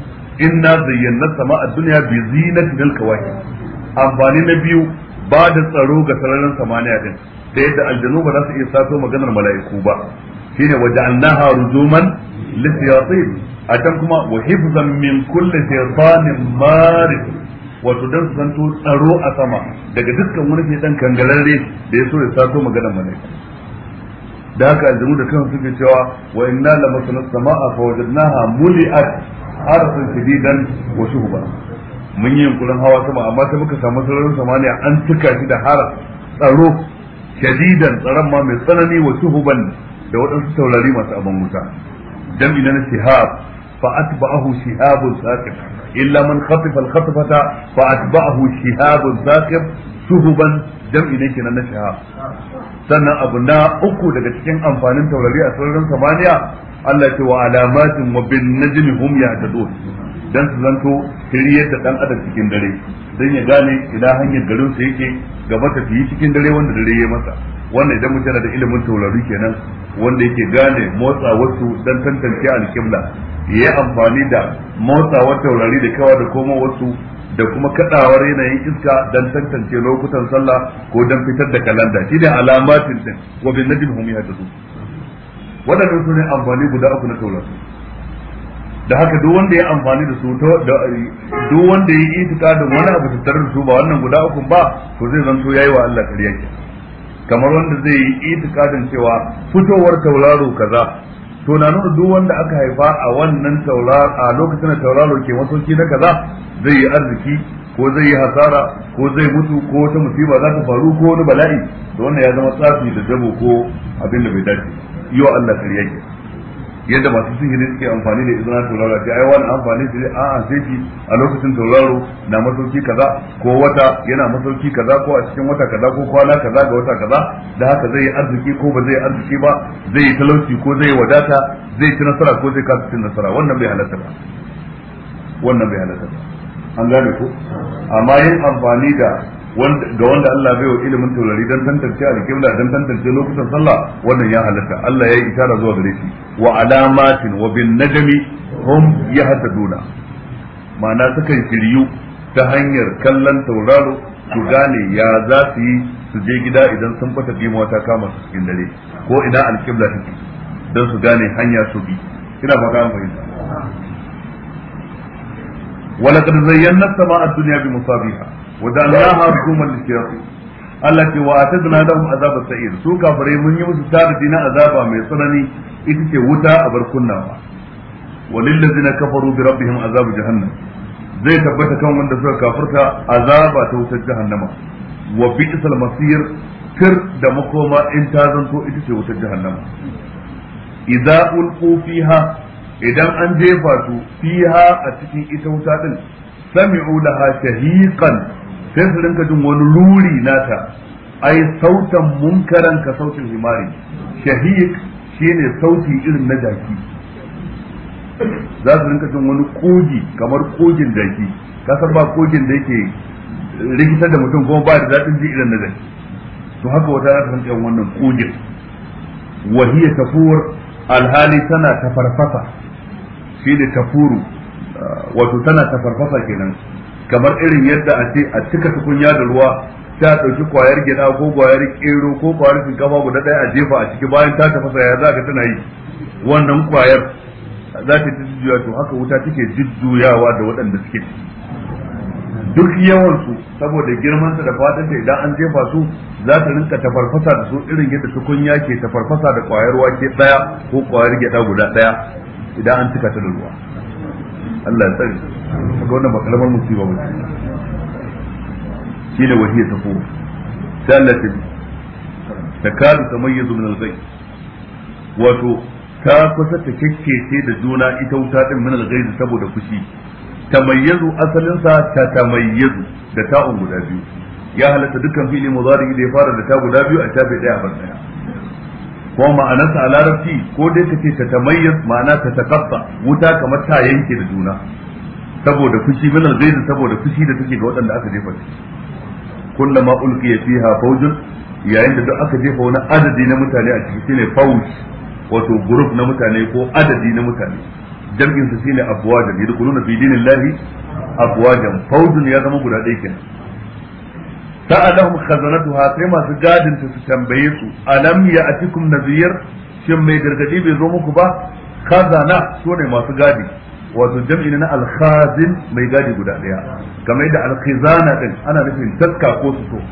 inna zayyana sama a duniya bi zinatin al-kawakib amfani na biyu ba da tsaro ga sararin samaniya din da yadda aljanu ba za su iya sato maganar mala'iku ba shine waja'alnaha rujuman lisyatin a can kuma wa hifzan min kulli shaytanin marid wato dan su santo tsaro a sama daga dukkan wani ke dan kangalarre da ya so ya sato magana mana da haka aljumu da kansu suke cewa wa inna lamasna samaa fa wajadnaha muli'at arsan shadidan wa shuhba mun yi yunkurin hawa sama amma sai muka samu sararin samaniya an cika shi da har tsaro shadidan tsaron ma mai tsanani wa shuhban da waɗansu taurari masu abin wuta dan idan sihab فأتبعه شهاب ثاقب إلا من خطف الخطفة فأتبعه شهاب ثاقب سهبا jam'i ne kenan na shaha sannan abu na uku daga cikin amfanin taurari a sararin samaniya Allah ya ce wa alamatin wa bin najmi hum yahtadun dan su zanto kiriyar da dan adam cikin dare dan ya gane ila hanyar garin sa yake gaba ta yi cikin dare wanda dare ya masa wannan idan mutum da ilimin taurari kenan wanda yake gane motsa wasu dan tantance alkimla yayi amfani da motsa taurari da kawa da koma wasu da kuma kadawar yanayin iska dan tantance lokutan sallah ko dan fitar da kalanda shi ne alamatin din wa bin najm hum yahtadun wadannan su ne amfani guda uku na taurari da haka duk wanda ya amfani da su duk wanda ya yi itikadin wani abu tattare da su ba wannan guda uku ba to zai zanto yayi wa Allah kariya kamar wanda zai yi itikadin cewa fitowar tauraro kaza to na nuna duk wanda aka haifa a wannan tauraro a lokacin da tauraro ke masauki na kaza zai yi arziki ko zai yi hasara ko zai mutu ko wata musiba za ta faru ko wani bala'i to wannan ya zama tsafi da dabo ko abin da bai dace yau Allah kariya yadda masu sihiri suke amfani da izina tauraro da ai wani amfani shi a a sai shi a lokacin tauraro na masauki kaza ko wata yana masauki kaza ko a cikin wata kaza ko kwana kaza ga wata kaza da haka zai yi arziki ko ba zai yi arziki ba zai yi talauci ko zai yi wadata zai ci nasara ko zai kasa cin nasara wannan bai halatta ba wannan bai halatta ba an gane ko amma yin amfani da ga wanda Allah bai wa ilimin taurari dan tantance alƙibla dan tantance lokutan sallah wannan ya halatta Allah ya yi itara zuwa gare shi wa alamatin wa bin najmi hum yahtaduna ma'ana sukan shiryu ta hanyar kallon tauraro su gane ya za su yi su je gida idan sun fata bimawa ta kama su cikin dare ko ina alƙibla take don su gane hanya su bi ina fata an fahimta ولقد زينا السماء الدنيا بمصابيح wadannaha rukuman lishayatin Allah ce wa atadna lahum azab sa'ir su kafirai mun yi musu taradi na azaba mai tsanani ita ce wuta a bar kunnawa walillazina kafaru bi rabbihim azab jahannam zai tabbata kan wanda suka kafirta azaba ta wutar jahannama wa bi'sal masir kir da makoma in ta zanto ita ce wutar jahannama fiha idan an jefa su fiha a cikin ita wuta din sami'u sai su rinka jin wani ruri nata ai sautan munkaran ka sautin himari shahiq shine sauti irin na daki. za su rinka jin wani kogi kamar kogin jaki kasar ba kogin da yake rikitar da mutum kuma ba da daɗin ji irin na daki. to haka wata za ta rinka wannan kogin wahiya tafuwar alhali tana tafarfasa shi ne tafuru wato tana tafarfasa kenan kamar irin yadda a ce a cika tukunya da ruwa ta ɗauki kwayar gida ko kwayar ƙero ko kwayar shinkafa guda ɗaya a jefa a ciki bayan ta tafasa ya za ka tana yi wannan kwayar za ta ta jujjuya to haka wuta take jujjuyawa da waɗanda suke duk yawan su saboda girmansa da fatansa idan an jefa su za ta rinka tafarfasa da su irin yadda tukunya ke tafarfasa da kwayar wake ɗaya ko kwayar gida guda ɗaya idan an cika ta da ruwa Allah ya tsare ga wannan ba kalmar musiba ba shi ne wahiyar ta kowa sai Allah ta ta ta mayyazu min al wato ta kusa ta kekkece da juna ita wuta ɗin min zai da saboda fushi tamayyazu asalinsa ta ta tamayyazu da ta'un guda biyu ya halatta dukkan fi'li mudari da ya fara da ta guda biyu a tafe ɗaya a ɗaya. ko ma'anarsa a larabci ko dai ce ta tamayyaz ma'ana ta takaffa wuta kamar ta yanke da juna saboda fushi min al saboda fushi da take ga waɗanda aka jefa su kullama ulqiya fiha fawjun yayin da duk aka jefa wani adadi na mutane a ciki shine fawj wato group na mutane ko adadi na mutane jam'in su shine abwajan yadkhuluna fi dinillahi abwajan fawjun ya zama guda ɗaya kenan sa'alahum khazanatuha sai masu gadin su tambaye su alam ya atikum nazir shin mai gargadi bai zo muku ba khazana sune masu gadi wato jam'i na alkhazin mai gadi guda daya kamar yadda alkhizana din ana nufin taska ko su so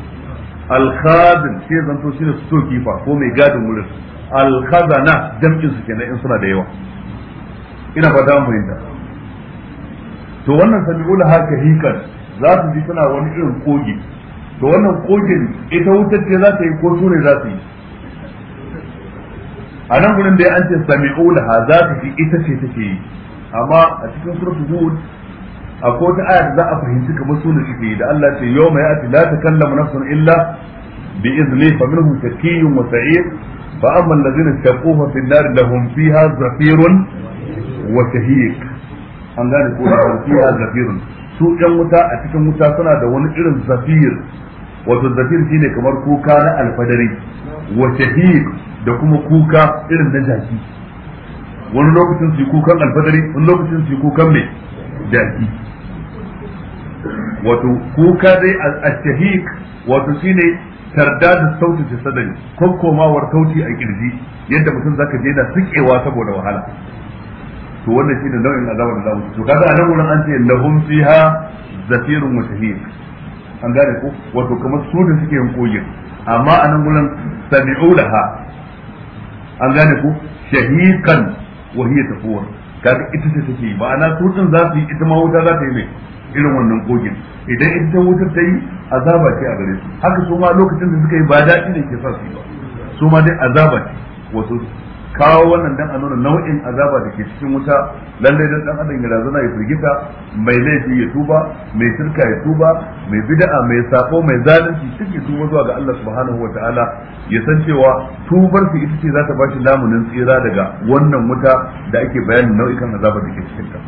alkhazin sai zanto shi ne su kifa ko mai gadin wurin alkhazana jam'i su kenan in suna da yawa ina fata mu fahimta to wannan sabi'ul haka hikar za su ji suna wani irin kogi to wannan kogin ita wutar ce za ta yi ko su ne za su yi a nan gurin da ya an ce sami'u laha za ta fi ita ce take yi amma a cikin suratul hud akwai wata aya da za a fahimci kamar sunan shi da Allah ce yawma ya'ti la takallamu nafsun illa bi izni fa minhum shakiyyun wa sa'ir fa amma alladhina shaqu fa fi an-nar lahum fiha zafirun wa shahiq an gane ko da fiha zafirun su ɗan wuta a cikin wuta suna da wani irin zafir wato zafir shine kamar kuka na alfadari wa shahiq da kuma kuka irin na jaki wani lokacin su kukan alfadari wani lokacin su yi kukan mai jaki wato kuka dai a shahiq wato shine tarda da sautin ta sadari kokkomawar sauti a kirji yadda mutum zaka je na sukewa saboda wahala to wannan shine nau'in azabar da zamu to kaga nan wurin an ce lahum fiha zafirun wa shahiq an gane ko wato kamar su da suke yin kogin amma nan wurin sami'u laha an gane ko shahikan. wa hiya kaga ita ce take ba ana su za su yi ita ma wuta za ta yi mai irin wannan kogin idan ita wutar ta yi azaba ce a gare su haka su ma lokacin da suka yi ba daɗi ne ke sa su yi ba su ma dai azaba ce wato kawo wannan dan a nuna nau'in azaba da ke cikin wuta lallai dan dan adam ya razana ya firgita mai laifi ya tuba mai shirka ya tuba mai bid'a mai sako mai zalunci duk ya tuba zuwa ga Allah subhanahu wataala ya san cewa tubar su ita ce za ta bashi lamunin tsira daga wannan wuta da ake bayanin nau'ikan azaba da ke cikin ta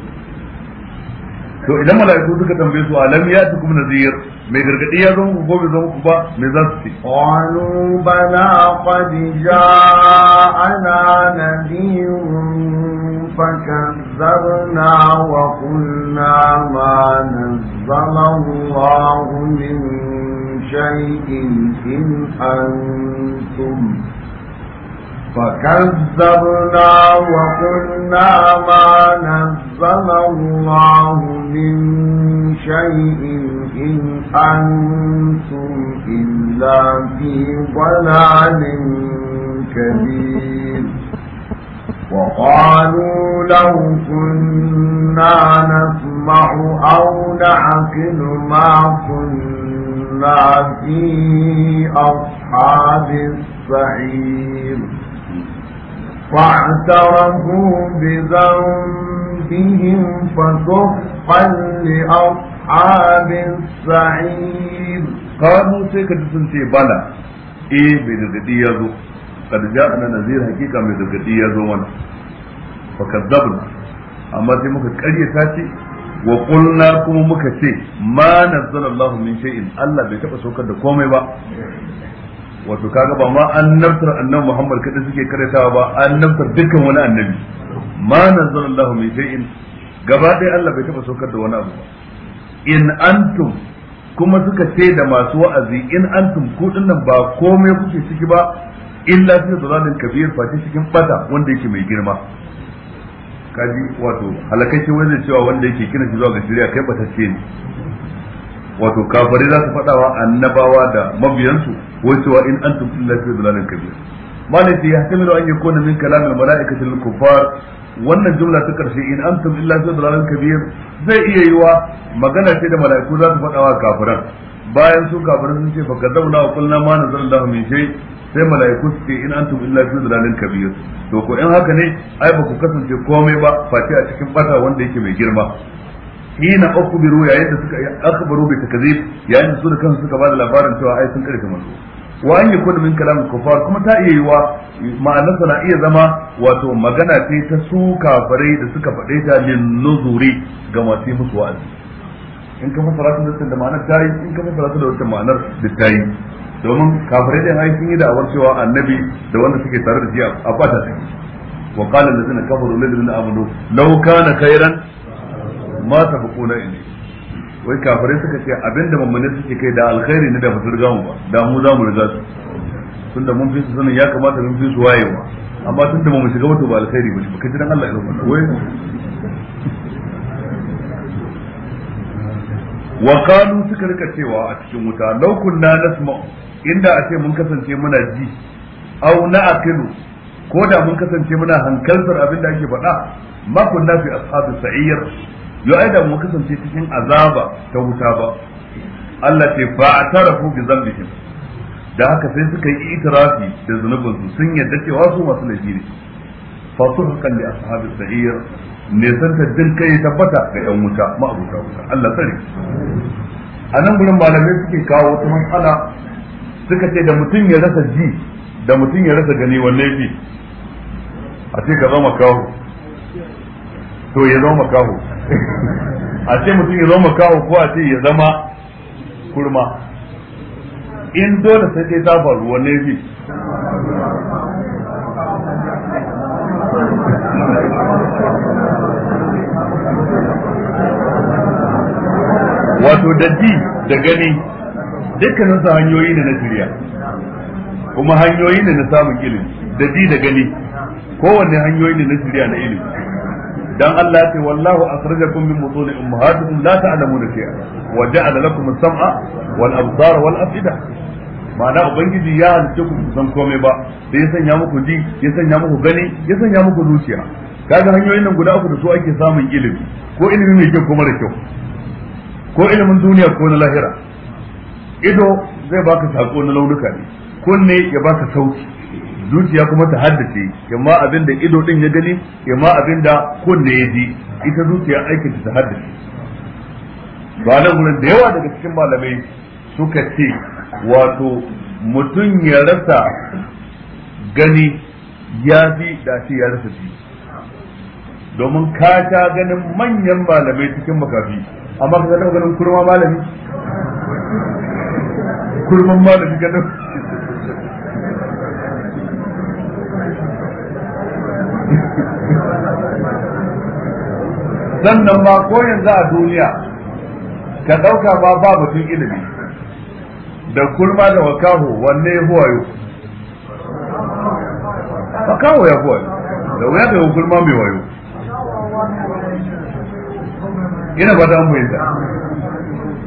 to idan mala'iku suka tambaye su alam ya tukum nazir mai gargadi ya zo muku gobe zo muku ba me za su ce qalu bala qad ja'ana nadirun fakazzarna wa qulna ma nazzala Allahu min shay'in in فكذبنا وقلنا ما نزل الله من شيء إن أنتم إلا في ضلال كبير وقالوا لو كنا نسمع أو نعقل ما كنا في أصحاب السعير فاعترفوا بذنبهم فسحقا لأصحاب السعير قالوا سيكا تسنتي بلا إيه بذكتي يزو قد جاءنا نذير حقيقة بذكتي يزو منا فكذبنا أما دي مكة كالية تاتي وقلنا كم مكة سي ما نزل الله من شيء الله بيتبقى سوكا دكومي با wato kaga ba ma annabtar annabi Muhammad kada suke karatawa ba annabtar dukkan wani annabi ma nazzalallahu min shay'in gaba dai Allah bai taba saukar da wani abu ba in antum kuma suka ce da masu wa'azi in antum ku dinnan ba komai kuke ciki ba illa fi dalalin kabir face cikin bata wanda yake mai girma kaji wato halakaci wanda cewa wanda yake kina shi zuwa ga shari'a kai batacce ni. wato kafirai za su faɗawa annabawa da mabiyansu wa cewa in antum illa fi dhalalin kabir malai ta yahtamilu an yakuna min kalam al malaikati lil kuffar wannan jumla ta karshe in antum illa fi dhalalin kabir zai iya yiwa magana ce da malaiku za su faɗa wa kafiran bayan su kafiran sun ce fa kadzabna wa qulna ma nazalallahu min shai? sai malaiku su ce in antum illa fi dhalalin kabir to ko in haka ne ai ba ku kasance komai ba face a cikin bata wanda yake mai girma ina akhbiru yayin da suka akhbaru bi takzib yayin da su da kansu suka ba da labarin cewa ai sun wa an yakuna min kalam kufar kuma ta iya yiwa ma'anarsa na iya zama wato magana ce ta su kafirai da suka faɗe ta min nuzuri ga masu musu wa'azi in ka fassara ta da da ma'anar yi in ka fassara ta da wata ma'anar da yi domin kafirai da ai sun yi da'awar cewa annabi da wanda suke tare da shi a bata ta wa qala allazina kafaru lil ladina amanu law kana khairan ma sabquna ilayhi wai kafirai suka ce abinda mamane suke kai da alkhairi ne da ba su riga mu ba da mu za mu riga su tunda mun fi su sanin ya kamata mun fi su wayewa amma tunda ba mu shiga wato ba alkhairi ba ba kaji dan Allah ya rubuta wai wa qalu suka rika cewa a cikin wuta law kunna nasma inda a ce mun kasance muna ji aw na aqilu ko da mun kasance muna hankaltar abin da ake faɗa ma kunna fi ashabis sa'ir yo ai da mu kasance cikin azaba ta wuta ba Allah ce ba a fa atarafu bi zambihim da haka sai suka yi itirafi da zunubin su sun yadda cewa su masu laifi ne fa suhqan li ashabi sa'ir ne san ta din kai tabbata ga yan wuta ma wuta Allah sani. a nan gurin malamai suke kawo wata matsala suka ce da mutum ya rasa ji da mutum ya rasa gani wanne fi a ce ka zama kawo to ya zama kawo a ce mutum ya zama kawo ko a ce ya zama kurma in dole sai dai ta faru wanne fi wato da ji da gani dukkanin su hanyoyi ne na jiriya kuma hanyoyi ne na samun ilimi da ji da gani kowanne hanyoyi ne na jiriya na ilimi dan Allah ce wallahu akhrajakum min butun ummahatikum la ta'lamuna shay'a wa ja'ala lakum as-sam'a wal absara wal afida ma'ana ubangiji ya halice ku san komai ba da ya sanya muku ji ya sanya muku gani ya sanya muku zuciya kaga hanyoyin nan guda uku da su ake samun ilimi ko ilimi mai kyau ko mara kyau ko ilimin duniya ko na lahira ido zai baka sako na launuka ne kunne ya baka sauti zuciya kuma ta haddace yamma abin da ido din ya gani yamma abin da kunne ya ji ita zuciya aikin ta haddace ba nan gurin da yawa daga cikin malamai suka ce wato mutum ya rasa gani ya fi da shi ya rasa ji domin ka ta ganin manyan malamai cikin makafi amma ka taɓa ganin kurma malami kurman malami ganin sannan ma ko yanzu a duniya ka ɗauka ba ba batun ilimi da kulma da wakahu wanne ya huwayo wakahu ya huwayo da wuya da yi kulma mai wayo ina ba ta mu yi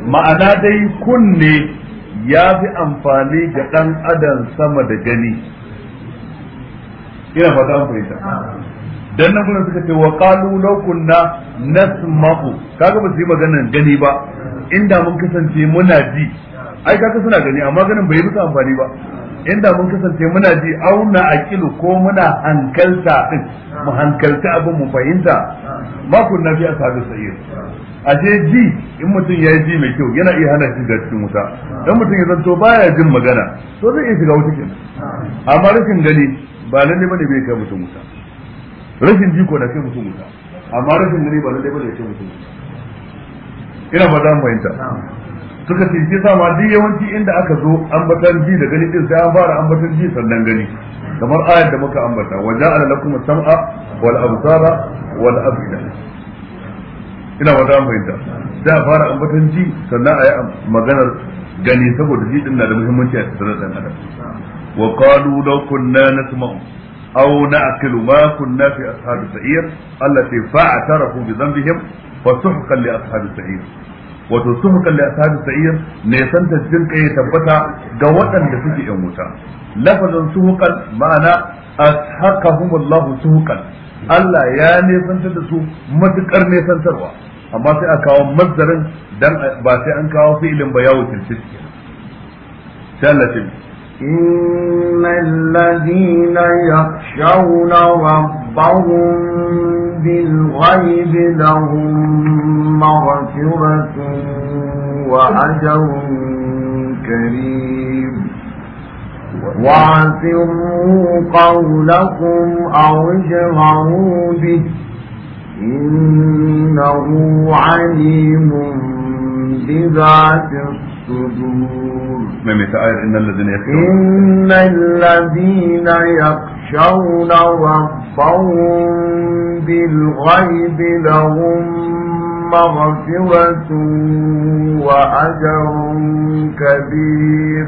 ma'ana dai kunne ya fi amfani ga ɗan adam sama da gani ina ba an fahimta dan nan kuma suka ce wa qalu law kunna nasma'u kaga ba su yi maganar gani ba inda mun kasance muna ji ai kaga suna gani amma ganin bai musu amfani ba inda mun kasance muna ji auna aqilu ko muna hankalta din mu hankalta abin mu fahimta ma kunna fi ashabi sayyid je ji in mutum ya ji mai kyau yana iya hana shi ga cikin wuta dan mutum ya zanto baya jin magana to zai iya shiga wuta kenan amma rashin gani ba lalle bane bai kai mutum wuta rashin jiko na kai mutum wuta amma rashin gani ba lallai bane ya kai mutum wuta ina ba za mu fahimta suka ce shi ma duk yawanci inda aka zo ambatan ji da gani din sai an fara ambatan ji sannan gani kamar ayar da muka ambata wa ja'ala lakum as-sam'a wal absara wal afida ina ba za mu fahimta sai a fara ambatan ji sannan a yi maganar gani saboda ji din na da muhimmanci a tsarin dan adam wa qalu law kunna nasma'u Auna na'qilu ma kunna fi ashabi sa'ir allati fa'tarafu bi dhanbihim fa suhqan wato suhqan li sa'ir ne san ta jin kai tabbata ga waɗanda suke yan wuta lafazin suhuƙan ma'ana ashaqahum Allah suhqan Allah ya nesantar da su matukar nesantarwa amma sai a kawo mazdarin dan ba sai an kawo fi'ilin ba ya wakilci sai Allah إن الذين يخشون ربهم بالغيب لهم مغفرة وأجر كريم وأسروا قولكم أو اجهروا به إنه عليم بذات الصدور الصدور آية، إن الذين يخشون إن الذين يخشون ربهم بالغيب لهم مغفرة وأجر كبير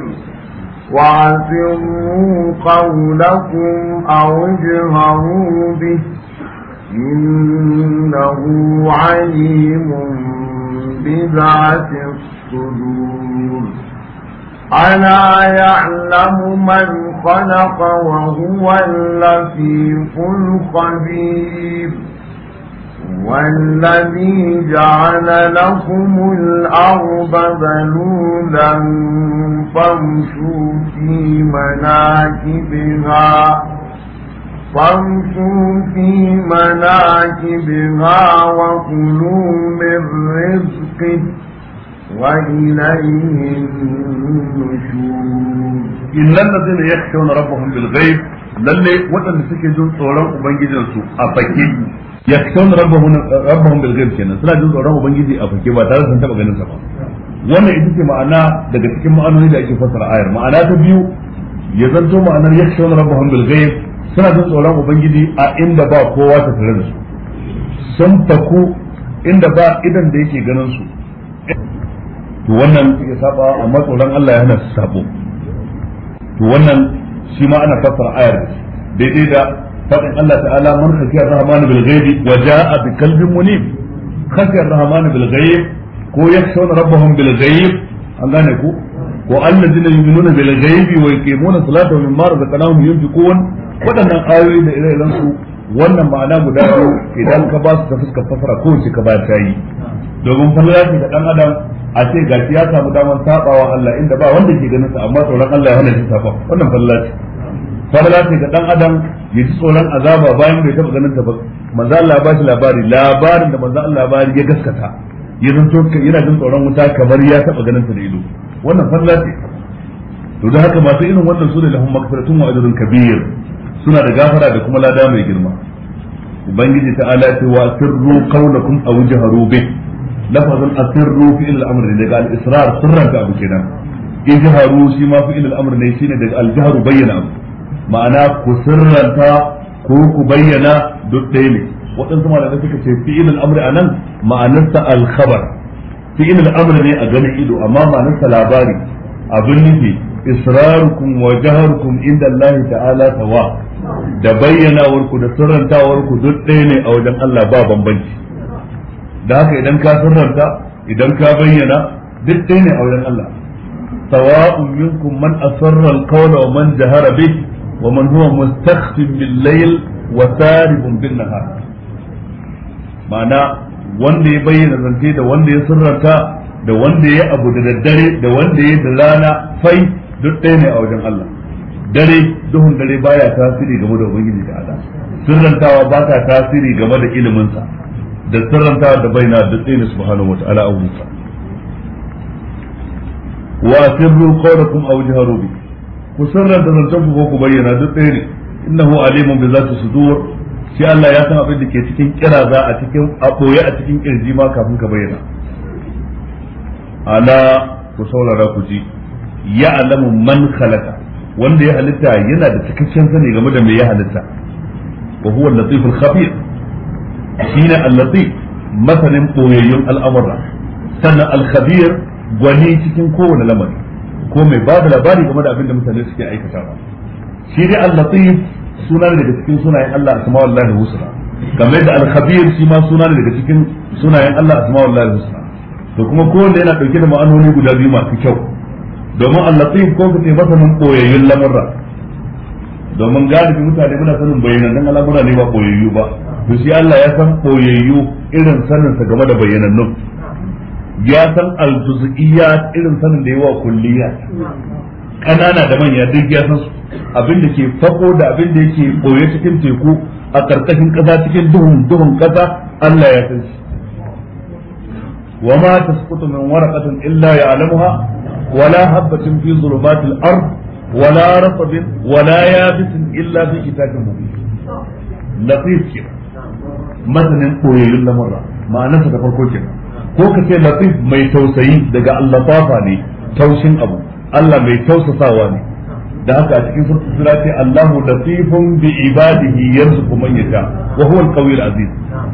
وأسروا قولكم أو اجهروا به إنه عليم بذات الصدور ألا يعلم من خلق وهو اللطيف الخبير والذي جعل لكم الأرض ذلولا فامشوا في مناكبها فامشوا في مناكبها وكلوا من رزقه وإليه النشور إن الذين يخشون ربهم بالغيب lalle waɗanda suke jin tsoron ubangijinsu a fake yakshawna rabbahum rabbahum bil ghaib kenan suna jin tsoron ubangiji a fake ba tare da sun taba ganin sa ba wannan ita ce ma'ana daga cikin ma'anoni da ake fassara ayar ma'ana ta biyu ya zanto ma'anar yakshawna rabbahum bil ghaib suna jin tsoron ubangiji a inda ba kowa ta da sun faku inda ba idan da yake ganin su to wannan suke saba amma tsoron Allah ya hana su sabo to wannan shi ma ana fassara ayar daidai da fadin Allah ta'ala man khashiya rahman bil ghaibi wa jaa bi qalbin munib khashiya rahman bil ghaib ko yakhshawna rabbahum bil ghaib an gane ku wa alladhina yu'minuna bil ghaibi wa yuqimuna salata wa mimma razaqnahum yunfiqun wadannan ayoyi da ire-iren su wannan ma'ana guda biyu idan ka ba su ta fuskar fasara ko ce ka ba ta yi domin falala ce ga dan adam a ce shi ya samu damar sabawa Allah inda ba wanda ke ganin sa amma tsoron Allah ya hana shi saba wannan falala ce fa ce ga dan adam ya ji tsoron azaba bayan bai taba ganin ta ba manzo Allah ba shi labari labarin da manzo Allah ba ya gaskata ya zanto yana jin tsoron wuta kamar ya taba ganin ta da ido wannan falala ce to da haka masu irin wannan su ne lahum maghfiratun wa ajrun kabir suna da gafara da kuma lada mai girma ubangiji ta ala ce wa sirru qawlakum aw jaharu bih lafazin asirru fi ilal amr ne daga al-israr sirranta abu kenan ijharu shi ma fi ilal amr ne shine daga al-jahru bayyana abu ma'ana ku sirranta ko ku bayyana duk ɗaya ne waɗansu malamai suka ce fi'il al-amr anan ma'anarsa al-khabar fi'il al-amr ne a ganin ido amma ma'anarsa labari abin nufi israrukum wa jaharukum inda Allah ta'ala sawa da bayyanawar da sirrantawar duk ɗaya ne a wajen Allah ba bambanci da haka idan ka sirranta idan ka bayyana duk ɗaya ne a wajen Allah sawa'un minkum man asarra al wa man jahara bih wa man huwa mustakhfin bil layl wa saribun bin nahar ma'ana wanda ya bayyana zance da wanda ya sirranta da wanda ya abu da daddare da wanda ya da rana fai duk ɗaya ne a wajen Allah dare duhun dare baya tasiri game da ubangiji da Allah sirrantawa ba ta tasiri game da iliminsa da sirrantawa da baina da tsayin subhanahu wataala a wurinsa wa sirru qawlakum aw jaharu bi ku sirranta zancen ku ku bayyana duk ɗaya ne innahu alimun bi zati sudur shi Allah ya san abin da ke cikin kiraza a cikin a koyi a cikin kirji ma kafin ka bayyana ala ku saurara ku ji ya alamu man khalaqa wanda ya halitta yana da cikakken sani game da me ya halitta wa huwa al-latif al-khabir shine al-latif masanin boyayyun al'amura sannan al-khabir gwani cikin kowane lamari ko mai ba da labari game da abin da mutane suke aikatawa shi dai al-latif suna ne daga cikin sunayen Allah asma wa husna kamar da al-khabir shi ma suna ne daga cikin sunayen Allah asma wa husna to kuma kowanne yana dauke da ma'anoni guda biyu masu kyau domin allah latif ko kace masanin koyayyun lamurra domin galibi mutane muna sanin bayanannun al'amura ne ba koyayyu ba to shi Allah ya san koyayyu irin sanin sa game da bayanannun ya san al irin sanin da yawa kulliya. kanana da manya duk ya san su abin da ke fako da abin da yake koye cikin teku a karkashin kasa cikin duhun duhun kasa Allah ya san shi wa ma tasqutu min waraqatin illa ya'lamuha ولا حبة في ظلمات الأرض ولا رطب ولا يابس إلا في كتاب مبين لطيف كده مثلا قويل لمرة ما نفسك فرقو كده ko ka ce latif mai tausayi daga Allah tafa ne taushin abu Allah mai tausasawa ne da haka a cikin surtu ce Allahu latifun bi ibadihi yarzuqu man yasha wa huwa aziz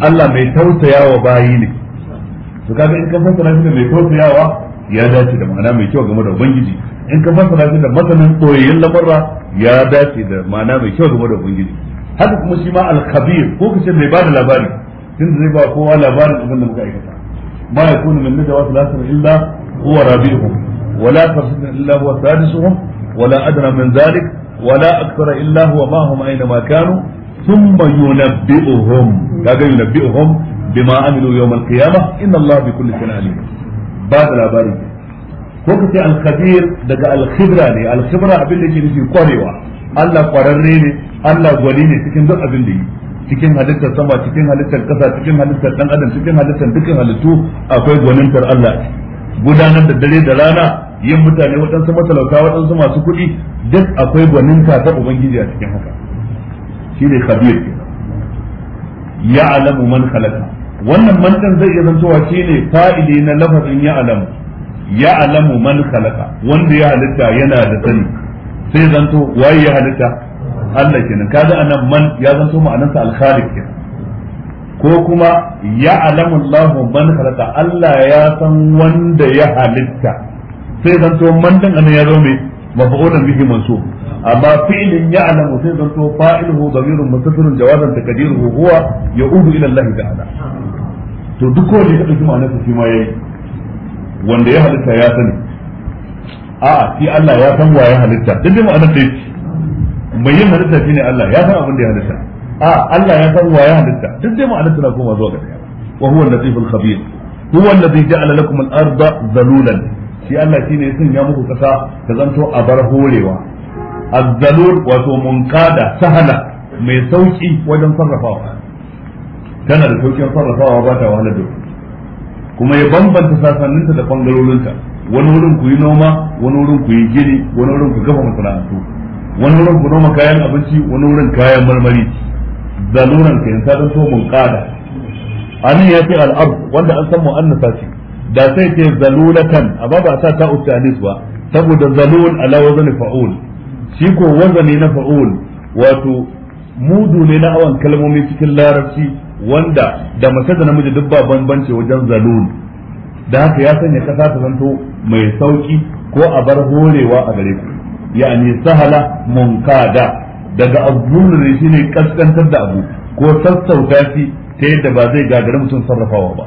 Allah mai tausayawa bayi ne in ka fassara shi mai tausayawa ya dace da ma'ana mai kyau game da ubangiji in ka fasa shi da masanin koyayyen lamarra ya dace da ma'ana mai kyau game da ubangiji haka kuma shi ma al-khabir ko kace mai bada labari tunda zai ba kowa labarin abin da muka aikata ma yakunu min najwa thalathatin illa huwa rabi'uhum wala khamsatin illa huwa sadisuhum wala adna min dhalik wala akthara illa huwa ma hum aina ma kanu thumma yunabbi'uhum kaga yunabbi'uhum bima amilu yawm al-qiyamah inna allaha bikulli shay'in alim ba da labari ko ka ce al daga al-khibra ne al-khibra abin da yake nufi kwarewa Allah kwararre ne Allah gwani ne cikin duk abin da yi cikin halittar sama cikin halittar kasa cikin halittar dan adam cikin halittar dukkan halittu akwai tar Allah gudanar da dare da rana yin mutane waɗansu matalauta waɗansu masu kuɗi duk akwai gwaninta ta ubangiji a cikin haka shi ne khabir ya'lamu man khalaqa wannan mantan zai iya zantowa shi ne fa'ili na lafazin ya alamu ya alamu man khalaqa wanda ya halitta yana da sani sai zanto waye ya halitta Allah kenan a nan man ya zanto ma'anarsa al-khaliq kenan ko kuma ya alamu Allahu man khalaqa Allah ya san wanda ya halitta sai zanto man din anan ya zo mai mafa'ulan bihi mansub amma fi'lin ya alamu sai zanto fa'iluhu dhamirun mustatirun jawazan taqdiruhu huwa ya'udu ila Allah ta'ala to duk wanda ya ɗauki ma'anarsa shi ma ya yi, wanda ya halitta ya sani a'a shi Allah ya san wa ya halitta duk dai ma'anar dai mai yin halitta shine Allah ya san abin da ya halitta a'a Allah ya san wa ya halitta duk dai ma'anar tana koma zuwa ga daya wa huwa al-latif al-khabir huwa alladhi ja'ala lakum al-arda zalulan shi Allah shine ya sanya muku kasa ta zanto a bar horewa az-zalul wato munqada sahala mai sauki wajen sarrafawa tana da saukin sarrafawa ba ta wahalar da kuma ya bambanta sasanninta da bangarorinta wani wurin ku yi noma wani wurin ku yi gini wani wurin ku gaba masana'antu wani wurin ku noma kayan abinci wani wurin kayan marmari zaluran ka yansa don so mun kada anan ya fi al'ab wanda an san nasa ce da sai ce zalulatan amma ba ta ta utanis ba saboda zalul ala wazn fa'ul shi ko wazani na fa'ul wato mudu ne na awan kalmomi cikin larabci wanda da mace da namiji duk ba bambance wajen zalun da haka ya sanya kasa ta zanto mai sauki ko a bar horewa a gare ku yani sahala munkada daga azzulun ne shine kaskantar da abu ko sassauta shi ta yadda ba zai gagari mutum sarrafawa ba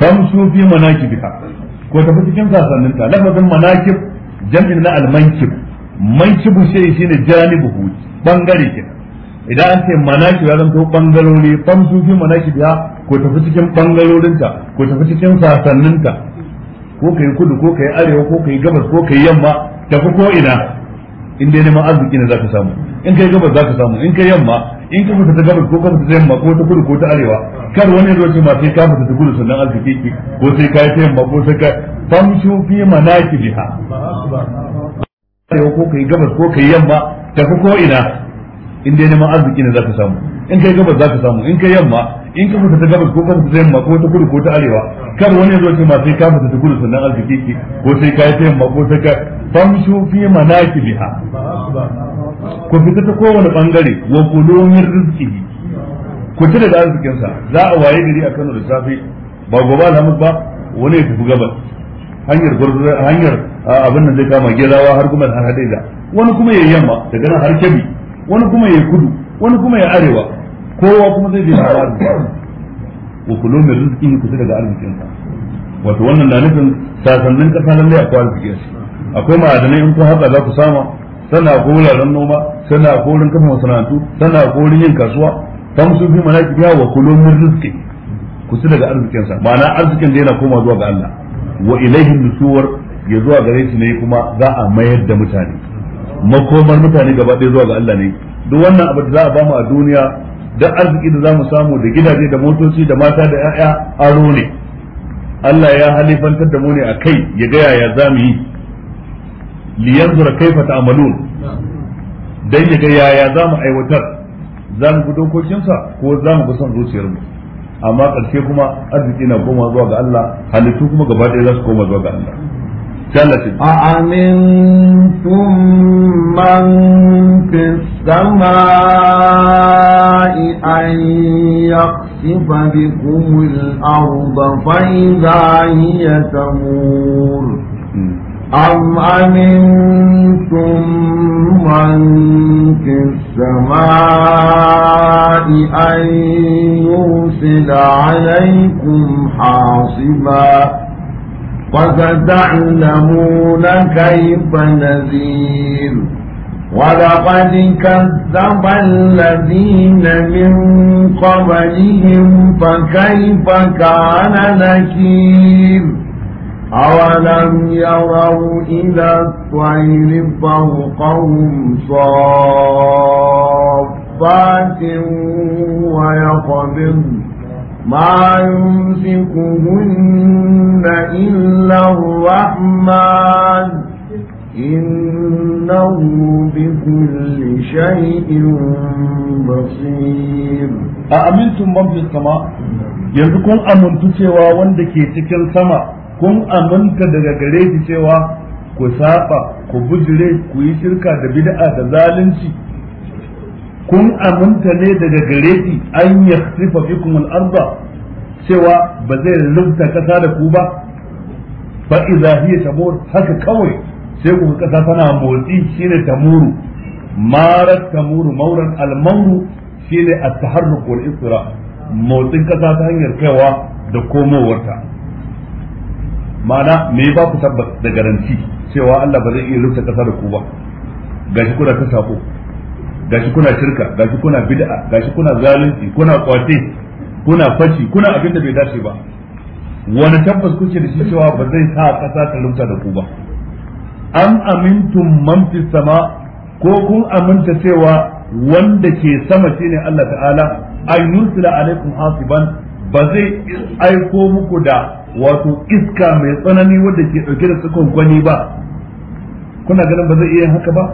famsu fi manakibiha ko tafi cikin sasanninta lafazin manakib jam'in na almankib mankibu shi shine janibuhu bangare kenan idan an ce manaki ya zanto bangarori famsu fi manaki biya ko tafi cikin bangarorinta ko tafi cikin sasanninta ko kai kudu ko kai arewa ko kai gabas ko kai yamma tafi ko ina in dai neman arziki ne zaka samu in kai gabas zaka samu in kai yamma in ka fita ta gabas ko ka fita ta yamma ko ta kudu ko ta arewa kar wani zo ce ma sai ka fita ta kudu sannan arziki ki ko sai ka ta yamma ko sai ka famsu fi manaki biha ko kai gabas ko kai yamma tafi ko ina in dai neman arziki ne za ka samu in kai gabas ka samu in kai yamma in ka fita ta gabas ko ka fita ta yamma ko ta kudu ko ta arewa kar wani ya zo ce ma sai ka fita ta kudu sannan arziki ki ko sai ka ta yamma ko sai ka famshu fi manakibiha ku fita ta kowane bangare wa kulu min rizqihi ku da arzikin sa za a waye gari a Kano da safe ba gobe alhamis ba wani ya tafi gabas hanyar hanyar abin nan zai kama gelawa har kuma har hadaida wani kuma ya yamma daga nan har kebi wani kuma ya kudu wani kuma ya arewa kowa kuma zai je na arziki wa kullu min rizqin ku daga arzikin sa wato wannan na nufin sasannin kasa lallai akwai arziki akwai ma'adanai in kun haka za ku sama sana ko wuraren noma sana ko wurin kafa masana'antu sana ko wurin yin kasuwa kam su fi mana ya wa kullu min rizqin ku daga arzikin sa ma'ana arzikin da yana koma zuwa ga Allah wa ilaihin nusuwar ya zuwa gare shi ne kuma za a mayar da mutane makomar mutane gaba ɗaya zuwa ga Allah ne duk wannan abu da za a ba mu a duniya da arziki da za mu samu da gidaje da motoci da mata da 'ya'ya aro ne Allah ya halifantar da mu ne a kai ya ga yaya za mu yi liyanzura kaifa ta'malun dan ya ga yaya za mu aiwatar za mu bi dokokinsa ko za mu bi son mu amma ƙarshe kuma arziki na koma zuwa ga Allah halittu kuma gaba ɗaya za su koma zuwa ga Allah أأمنتم من في السماء أن يخسف بكم الأرض فإذا هي تمور أم أمنتم من في السماء أن يرسل عليكم حاصبا فستعلمون كيف نذير ولقد كذب الذين من قبلهم فكيف كان نكير أولم يروا إلى الطير فوقهم صافات ويقبض ما يمسكهن إلا الرحمن إنه بكل شيء بصير أأمنتم من في السماء yanzu kun amintu cewa wanda ke cikin sama kun aminta daga gare shi cewa ku saba ku bujire ku yi shirka da bid'a da zalunci kun aminta ne daga gare shi an yakhsifa fi kuma ardha cewa ba zai rubuta kasa da ku ba fa iza hiya tamur haka kawai sai ku kasa tana motsi shine tamuru marat tamuru mauran al-mawru shine at-taharruk wal isra motsin kasa ta hanyar kaiwa da komowarta ma'ana me ba ku tabbata da garanti cewa Allah ba zai iya rubuta kasa da ku ba gashi kuna ta sako gashi kuna shirka gashi kuna bid'a gashi kuna zalunci kuna kwace kuna fashi kuna abin da bai dace ba wani tabbas kuke da shi cewa ba zai sa kasa ta lumta da ku ba An amintum man fi sama ko kun aminta cewa wanda ke sama shine Allah ta'ala ay nursila alaikum hasiban ba zai aiko muku da wato iska mai tsanani wanda ke dauke da sakon gwani ba kuna ganin ba zai iya haka ba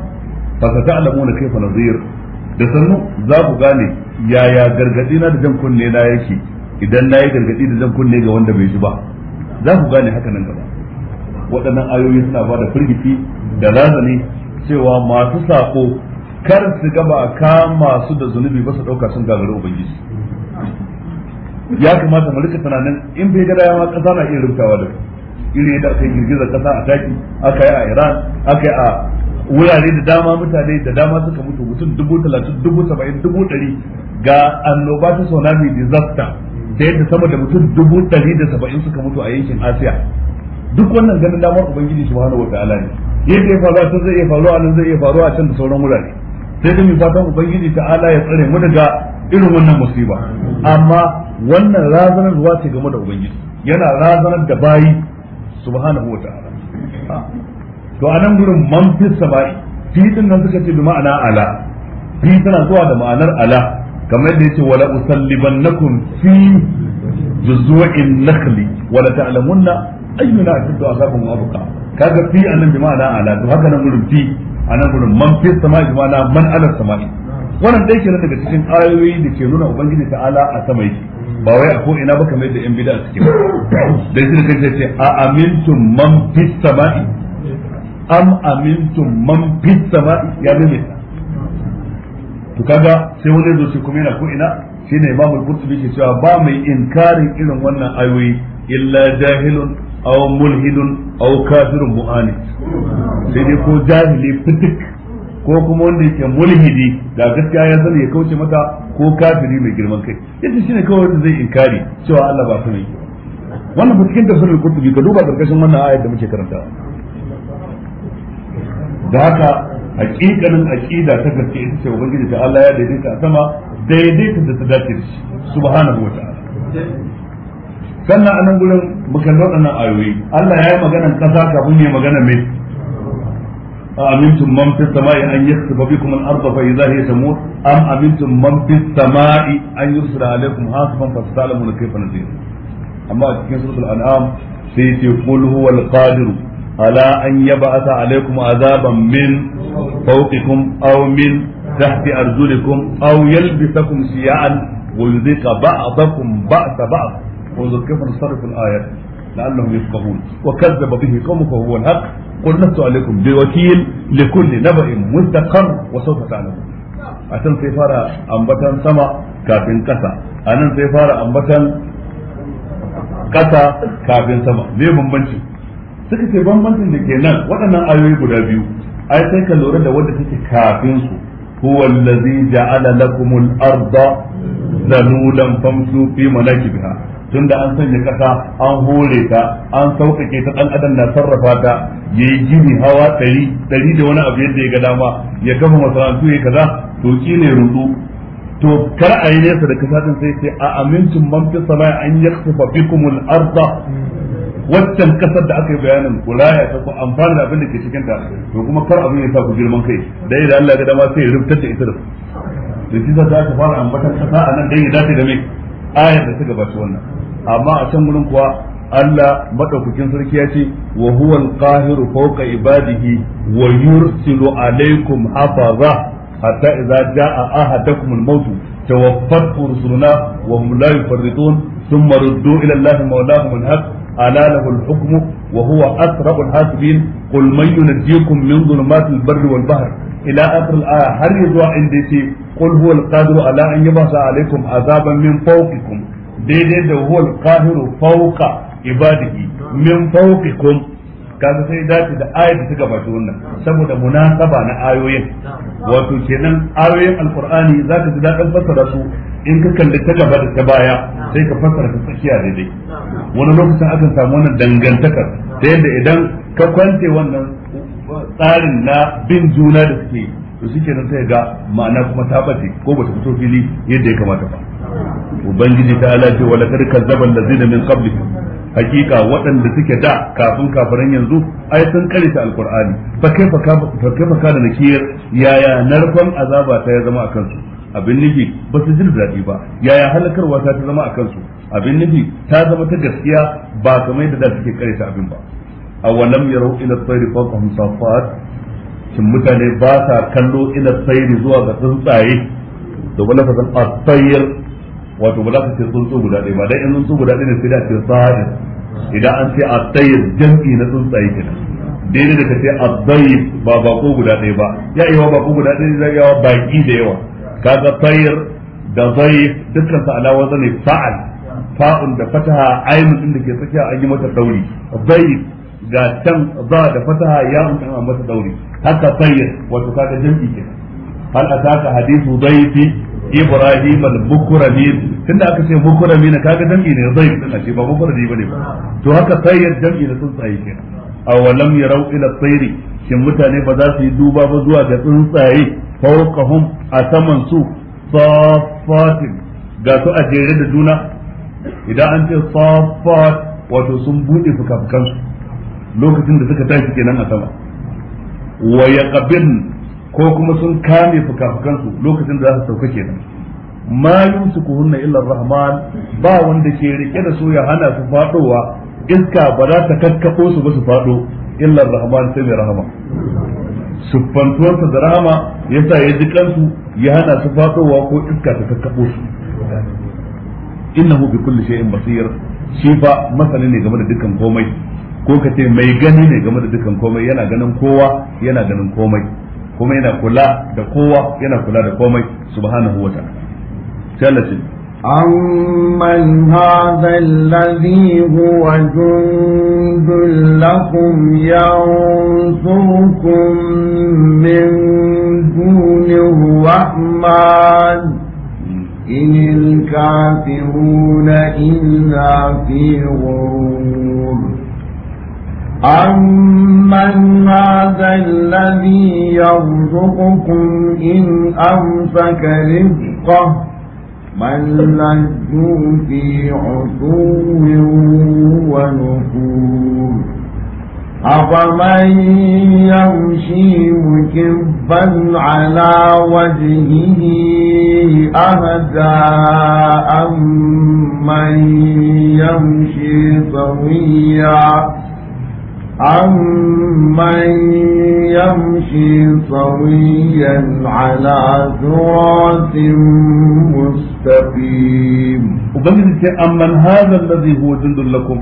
alamu na kaifa nazir da sannu za ku gane yaya gargadi na da jan kunne na yake idan na yi gargadi da jan kunne ga wanda bai ji ba za ku gane haka nan gaba waɗannan ayoyi suna ba da firgiti da razani cewa masu sako kar su gaba kama su da zunubi ba su ɗauka sun gagari ubangiji ya kamata mu tunanin in bai gada yawa ƙasa na iya rubutawa da iri da aka yi girgizar ƙasa a taki aka yi a iran aka yi a wurare da dama mutane da dama suka mutu mutum dubu talatin dubu saba'in dubu ɗari ga annoba ta tsunami disaster da yadda sama da mutum dubu ɗari da saba'in suka mutu a yankin asiya duk wannan ganin damar ubangiji wata ala ne yadda ya faru a can zai iya a nan zai iya faru a can da sauran wurare sai da mu fatan ubangiji ala ya tsare mu daga irin wannan musiba amma wannan razanar ruwa ce game da ubangiji yana razanar da bayi subhanahu ta'ala to a nan gurin man fi sama'i fi din nan suka ce bi ma'ana ala fi tana zuwa da ma'anar ala kamar da yace wala usallibannakum fi juzu'in nakhli wala ta'lamunna ayyuna ashaddu azabun wa abqa kaga fi anan bi ma'ana ala to haka nan gurin fi anan gurin man fi sama'i bi ma'ana man ala sama'i wannan dai kenan daga cikin ayoyi da ke nuna ubangiji ta'ala a sama yake ba wai a ko ina ba kamar yadda yan bid'a suke ba dai shi kanka ce a amintum man fi sama'i am amintum man fit sama ya mene to kaga sai wani zo shi kuma yana ko ina shine imamu al-qurtubi ke cewa ba mai inkarin irin wannan ayoyi illa jahilun aw mulhidun aw kafirun mu'ani sai dai ko jahili fitik ko kuma wanda yake mulhidi da gaskiya ya zane ya kauce mata ko kafiri mai girman kai yadda shine kawai wanda zai inkari cewa Allah ba su mai wannan ba da tafsirin qurtubi ka duba karkashin wannan ayat da muke karantawa da haka hakikanin aqida ta gaske ita ce ubangiji ta Allah ya daidaita a sama daidaita da ta dace da shi subhanahu wataala sannan anan gurin muka zo nan ayoyi Allah ya yi maganar kasa kafin ya magana mai أأمنتم من في السماء أن يخسف بكم الأرض فإذا هي تموت أم أمنتم من في السماء أن يرسل عليكم حاصبا فستعلمون كيف نذير أما في سورة sai سيتي قل هو القادر ala an yab'atha alaykum azaban min fawqikum aw min tahti arjulikum aw yalbisakum shi'an wa yudhiqa ba'dakum ba'sa ba'd انظر كيف نصرف الايات لعلهم يفقهون وكذب به قومك وهو الحق قل لست عليكم بوكيل لكل نبأ مستقر وسوف تعلمون a can sai fara ambatan sama kafin kasa a nan sai fara ambatan kasa kafin sama bambanci suka ce bambancin da ke nan waɗannan ayoyi guda biyu ai sai ka lura da wanda take kafin su huwa allazi ja'ala lakumul arda zalulan famsu fi manakibiha tunda an sanya kasa an hore ta an sauƙaƙe ta ɗan adam na sarrafa ta yayi yi gini hawa ɗari tari da wani abu yadda ya ga dama ya gama masana'antu ya kaza to ne rudu to kar a yi nesa da kasa din sai sai a amincin man fi samai an yakhsufa bikum al-ardha waccan kasar da aka yi bayanin kula ya ta ku amfana da abin da ke cikin ta to kuma kar abin ya sa ku girman kai dai da Allah ga dama sai ya rubuta da ita da ku. da shi za ta fara ambatan kasa a nan dai ya dace da me ayar da ta gabata wannan amma a can gurin kuwa Allah madaukakin sarki ya ce wa huwa al-qahiru fawqa ibadihi wa yursilu alaykum hafaza hatta idza jaa ahadakum al-maut tawaffat rusuluna wa hum la sun thumma ruddu ila allahi mawlahum al ala lahu al-hukmu wa huwa asra'u al-hasibin qul min dhulumati al-barri wal-bahr ila akhir aya har yuzu inda ce qul huwa al-qadir ala an yabasa alaykum azaban min fawqikum daidai da huwa al-qahiru fawqa ibadihi min fawqikum kaga sai dace da ayat da suka bace wannan saboda munasaba na ayoyin wato kenan ayoyin alqur'ani zaka ji daɗin fassara su in ka kalli ta gaba da ta baya sai ka fassara ta tsakiya daidai wani lokacin akan samu wannan dangantakar ta yadda idan ka kwance wannan tsarin na bin juna da suke to shike nan sai ga ma'ana kuma ta bace ko bata fito fili yadda ya kamata ba ubangiji ta ala ce wa laqad kazzaba allazina min qablikum hakika waɗanda suke da kafin kafiran yanzu ai sun karanta alkur'ani fa kaifa fa kaifa kana nakir yaya narfan azaba ta ya zama akan su abin nufi ba su jin daɗi ba yaya halakarwa ta ta zama akan su abin nufi ta zama ta gaskiya ba kamar da da suke karanta abin ba awalam yarau ila tsairi fawqahum safat shin mutane ba sa kallo ila tsayri zuwa ga tsuntsaye da wani fasan asayir wato ba za ka ce tsuntsu guda ɗaya ba dai in tsuntsu guda ɗaya ne sai da ce sa'adin idan an ce at-tayyib jam'i na tsuntsaye kenan daidai da ka ce at ba bako guda ɗaya ba ya yi wa bako guda ɗaya zai yawa baki da yawa kaga tayyir da zai dukkan sa alawa zane fa'al fa'un da fataha ainun din da ke tsakiya an yi mata dauri zai ga can za da fataha ya an mata dauri haka tayyir wato kaga jam'i kenan hal ataka hadithu zayfi ibrahim al-bukrami tunda aka ce bukrami na kaga jam'i ne zai din ce ba bukrami bane ba to haka sayyid jam'i na tsuntsaye kenan walam yarau ila tsairi shin mutane ba za su yi duba ba zuwa ga tsuntsaye fawqahum a saman su safatin ga su a jere da juna idan an ce safat wato sun bude fukafukansu lokacin da suka tashi kenan a sama wa yaqbin ko kuma sun kame fukafukansu lokacin da za su sauka kenan ma hunna illa rahman ba wanda ke rike da su ya hana su fadowa iska ba za ta kakkafo su ba su fado illa rahman sai mai rahama siffantuwarsa da rahama yasa ya ji kansu ya hana su fadowa ko iska ta kakkafo su innahu bi kulli shay'in basir shi fa masani ne game da dukkan komai ko ka mai gani ne game da dukkan komai yana ganin kowa yana ganin komai kuma yana kula da kowa yana kula da komai subhanahu wataala sallallahu أمن هذا الذي هو جند لكم ينصركم من دون الرحمن إن الكافرون إلا fi غرور أمن هذا الذي يرزقكم إن أمسك رزقه بل لجوا في عتو ونفور أفمن يمشي مكبا على وجهه أهدى أمن يمشي سويا عمن يمشي سويا على صراط مستقيم وبنجد أمن هذا الذي هو جند لكم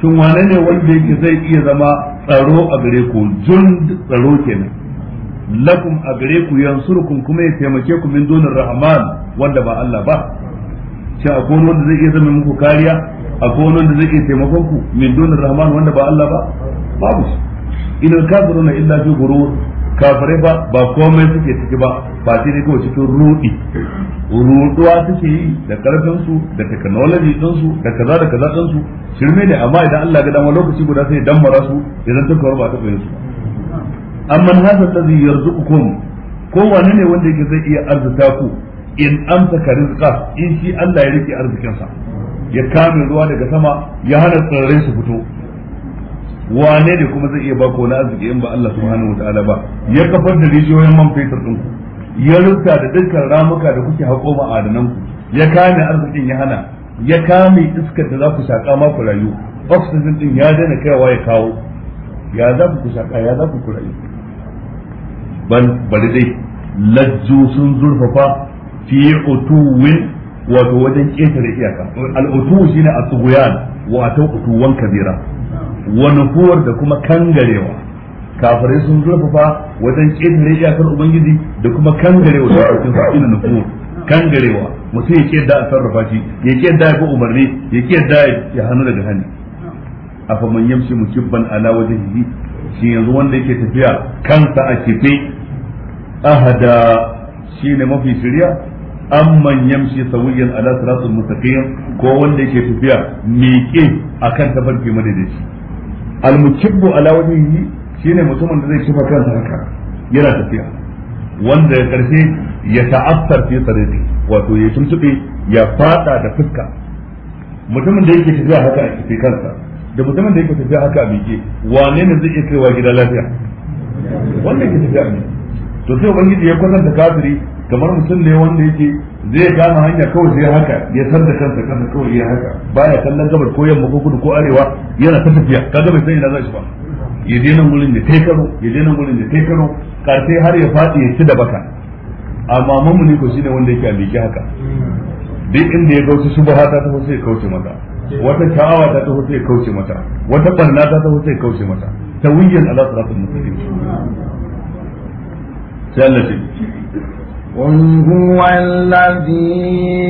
shin wane ne wanda zai iya zama tsaro a gare ku jund tsaro kenan lakum a gare ku yansurukum kuma ya taimake ku min donin rahman wanda ba Allah ba shin akwai zai iya zama muku kariya akwai kowanne wanda zai iya taimakon ku min dunin rahman wanda ba Allah ba babu ina idan na illa fi gurur kafirai ba ba komai suke ciki ba ba sai dai kawai cikin rudi ruduwa suke yi da karfin su da technology din su da kaza da kaza din su shirme ne amma idan Allah ga dama lokaci guda sai dammara su idan ta kawar ba ta bayin su amma hasa tazi yarzuqukum ko wani ne wanda yake zai iya arzuta ku in amsa karizqa in shi Allah ya rike arzikin sa ya kame ruwa daga sama ya hana tsirrai su fito wane ne kuma zai iya ba ku na arziki in ba Allah subhanahu wataala ba ya kafar da rijiyoyin man fetur ɗinku ya rufta da dukkan ramuka da kuke haƙo ma'adanan ku ya kame arzikin ya hana ya kame iskar da za ku shaƙa ma ku rayu oxygen din ya daina kaiwa ya kawo ya za ku shaƙa ya za ku rayu Ban bari dai lajju sun zurfafa fi utuwin wato wajen ƙetare iyaka al'utu shine at-tughyan wato utuwan kabira Wani nufuwar da kuma kangarewa kafirai sun zurfafa wajen ƙetare iyakar ubangiji da kuma kangarewa da cikin su ina nufuwar kangarewa mutum ya kiyar da a sarrafa shi ya kiyar da ya bi umarni ya kiyar da ya hannu daga hannu afa man yamshi kibban ala wajen wajhihi shi yanzu wanda yake tafiya kansa a kife ahada shine mafi shirya amman yamshi sawiyan ala siratul mustaqim ko wanda yake tafiya miƙe akan tafarki Al almukibbu ala wajhihi shine mutumin da zai kifa kansa haka yana tafiya wanda ya karshe ya ta'assar fi sarati wato ya tuntube ya fada da fuska mutumin da yake tafiya haka a kife kansa da mutumin da yake tafiya haka a miƙe wane ne zai iya kaiwa gida lafiya wannan yake tafiya ne to sai ubangiji ya kwatanta kafiri kamar mutum ne wanda yake zai gama hanya kawai sai haka ya san da kansa kansa kawai ya haka baya kallon gabar ko yamma ko kudu ko arewa yana ta tafiya kaga bai san ina zai shi ba ya je nan gurin da kai karo ya je nan gurin da kai karo karshe har ya faɗi ya ci da baka amma ne ko shine wanda yake a biki haka duk inda ya gausu subha ta taho sai kauce mata wata sha'awa ta taho sai kauce mata wata barna ta taho sai kauce mata tawiyyan ala siratul mustaqim التي قل هو الذي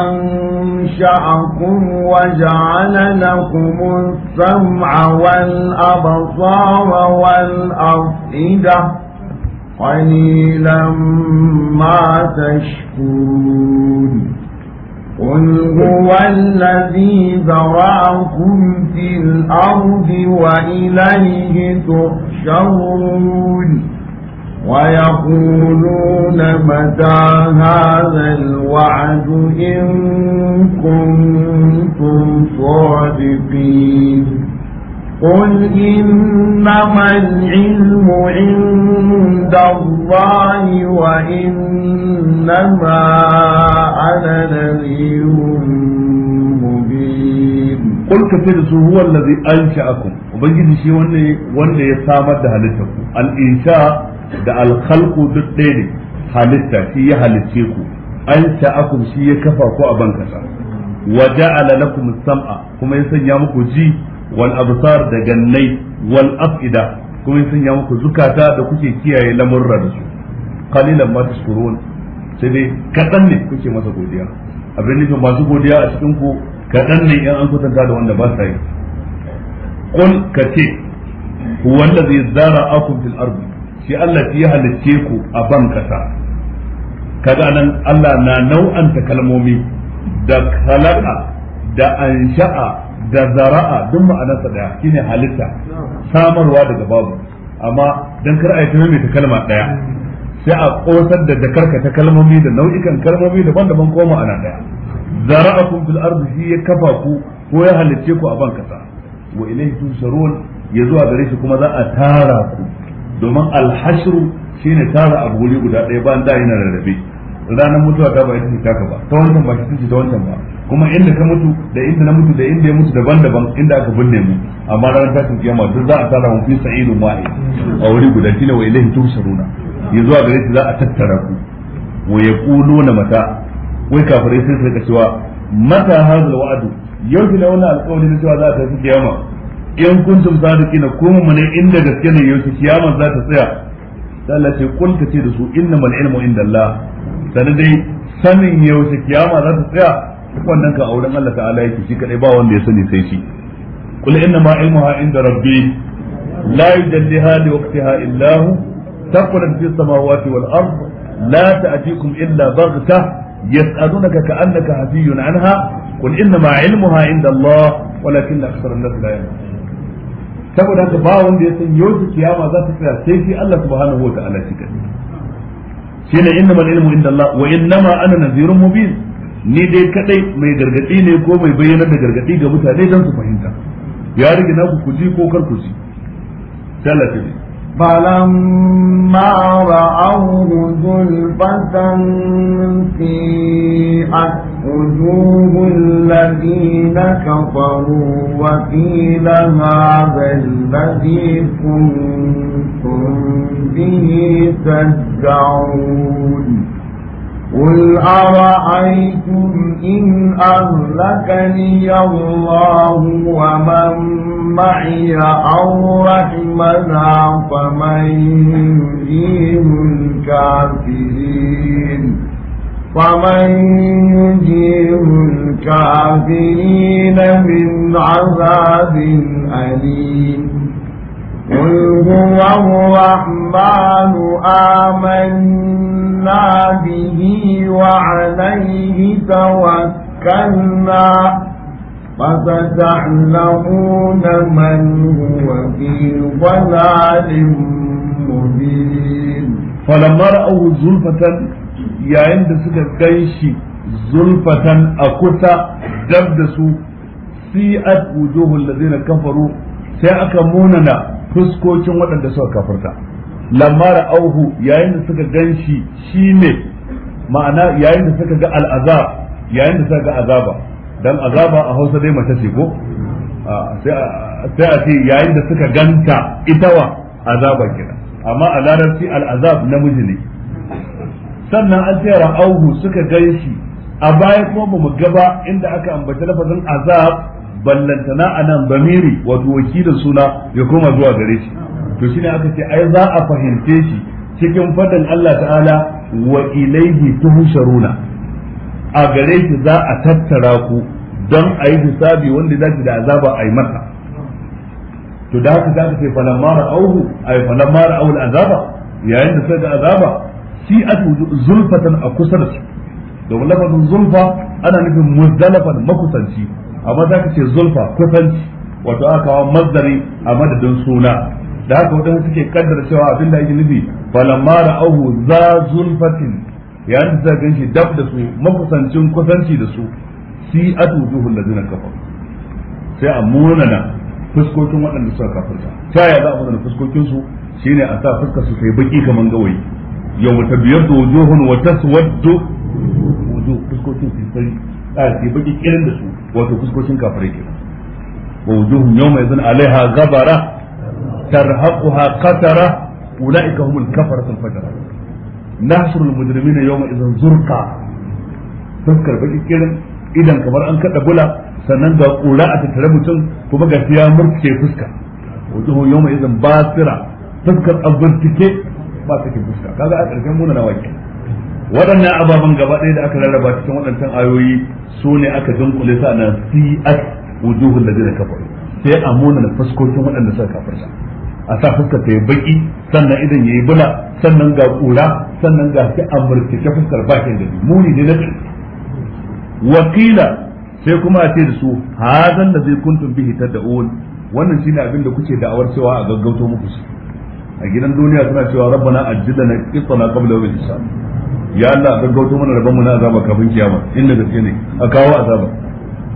أنشأكم وجعل لكم السمع والأبصار والأفئدة قليلا ما تشكرون قل هو الذي ذرأكم في الأرض وإليه تحشرون ويقولون متى هذا الوعد إن كنتم صادقين قل إنما العلم عند الله وإنما أنا نذير مبين قل كثير هو الذي أنشأكم وبنجد شيء وأنه يسامد هلتكم الإنشاء da alkhalqu duk ɗaya ne halitta shi ya halicce ku an sha'akum shi ya kafa ku a ban kasa wa ja'ala lakum sam'a kuma ya sanya muku ji wal absar da gannai wal afida kuma ya sanya muku zukata da kuke kiyaye lamurra da su qalilan ma tashkurun sai dai kadan ne kuke masa godiya abin nufin masu godiya a cikin ku kadan ne in an kwatanta da wanda ba sa yi qul kace huwa allazi zara'akum fil ardi shi Allah shi ya halicce ku a ban kasa kaga nan Allah na nau'anta kalmomi da khalaqa da ansha'a da zara'a duk ma'anarsa daya shine halitta samarwa daga babu amma dan kar a yi tunani ta kalma daya sai a kosar da dakarka ta kalmomi da nau'ikan kalmomi daban-daban ko ma'ana daya zara'akum fil ardi shi ya kafa ku ko ya halicce ku a ban kasa wa ilayhi tusharun ya a gare shi kuma za a tara ku domin shi ne tara abu wuri guda ɗaya bayan da yana rarrabe ranar mutuwa ta ba ita ce taka ba ta wancan ba shi ce ta wancan ba kuma inda ka mutu da inda na mutu da inda ya mutu daban-daban inda aka binne mu amma ranar tashin kiyama duk za a tara mu fi sa'idun wa'i a wuri guda shi ne wa ilahi tursaruna. yanzu a gare shi za a tattara ku wa na mata wai kafirai sai su rika cewa mata hadal wa'adu yau na wani alƙawari na cewa za a tafi kiyama in kuntum sadiqina ko mu ne inda gaske ne yau kiyama za ta tsaya Allah ce kul ka ce da su innamal ilmu indallah sanan dai sanin yau kiyama za ta tsaya wannan ka auren Allah ta'ala yake shi kadai ba wanda ya sani sai shi kul innama ilmuha inda rabbi la yujalliha li waqtiha illa hu taqulat fi samawati wal ard la ta'tikum illa baghta yas'alunaka ka'annaka hafiyun anha قل انما علمها عند الله ولكن اكثر الناس لا يعلمون saboda haka ba wanda ya san yau kiyama za ta tsaya sai shi Allah subhanahu wa ta'ala shi kadai shine innamal ilmu inda Allah wa innama ana nadhirun mubin ni dai kadai mai gargadi ne ko mai bayyanar da gargadi ga mutane don su fahimta ya rige na ku ji ko kar ku ji sai Allah فلما رأوه زلفة سيئت وجوه الذين كفروا وقيل هذا الذي كنتم به تدعون قل أرأيتم إن أهلكني الله ومن معي أو رحمنا فمن يجيب الكافرين فمن يجيب الكافرين من عذاب أليم قل هو الرحمن آمنا آمنا به وعليه توكلنا فستعلمون من هو في ضلال مبين فلما رأوه زلفة يا عند سكة كيشي زلفة أكوتا دبدسوا سيئت وجوه الذين كفروا sai aka munana fuskocin waɗanda suka kafarta lamma ra'auhu yayin da suka ganshi shine ma'ana yayin da suka ga al'azab yayin da suka ga azaba dan azaba a Hausa dai mace ce ko sai a ce yayin da suka ganta ita wa azaba kira amma a larabci al'azab namiji ne sannan an ce ra'auhu suka ganshi a baya kuma ba mu gaba inda aka ambaci lafazin azab ballantana anan bamiri wato wakilin suna ya koma zuwa gare shi to shine aka ce ai za a fahimce shi cikin fadin Allah ta'ala wa ilaihi tuhsharuna a gare shi za a tattara ku don a yi hisabi wanda zaki da azaba a yi masa to da haka ka ce falan mara auhu a ay falan mara aul azaba yayin da suka ga azaba shi atu zulfatan a kusa da su domin lafazin zulfa ana nufin muzdalafan makusanci amma za ka ce zulfa kusanci wato aka kawo mazdari a madadin suna da haka wadanda suke kaddara cewa abin da ake nufi falamma ra'ahu za zulfatin ya da ta ganshi dab da su makusancin kusanci da su si atu juhul ladina kafar sai a munana fuskokin waɗanda suka kafarta ta ya za a munana fuskokin su shine a sa fuskar su sai baki kaman gawayi yawma da wujuhun wa taswaddu wujuh fuskokin su sai a sai baki kirin da su wato fuskokin kafare kenan wa wujuhun mai zan alaiha gabara ترهقها قترة أولئك هم الكفرة الفجرة نحشر المجرمين يومئذ زرقا تذكر بك كده إذا كبر أنك تقول sannan ga kura a tattare mutum kuma ga ya murke fuska waɗannan ababen gaba ɗaya da aka rarraba cikin waɗancan ayoyi su ne aka dunkule sa na fi'at wujuhul sai a muna na waɗanda suka a sa fuskar ta yi baki sannan idan yayi bula sannan ga kura sannan ga shi amurki ta fuskar bakin da muni ne na wakila sai kuma a ce da su hazan da zai kuntum bihi tad'un wannan shine abin da kuke da'awar cewa a gaggauto muku su. a gidan duniya suna cewa rabbana ajjilna qitana qabla yawmil hisab ya Allah gaggauto mana rabbanmu na azaba kafin kiyama inda gaske ne a kawo azaba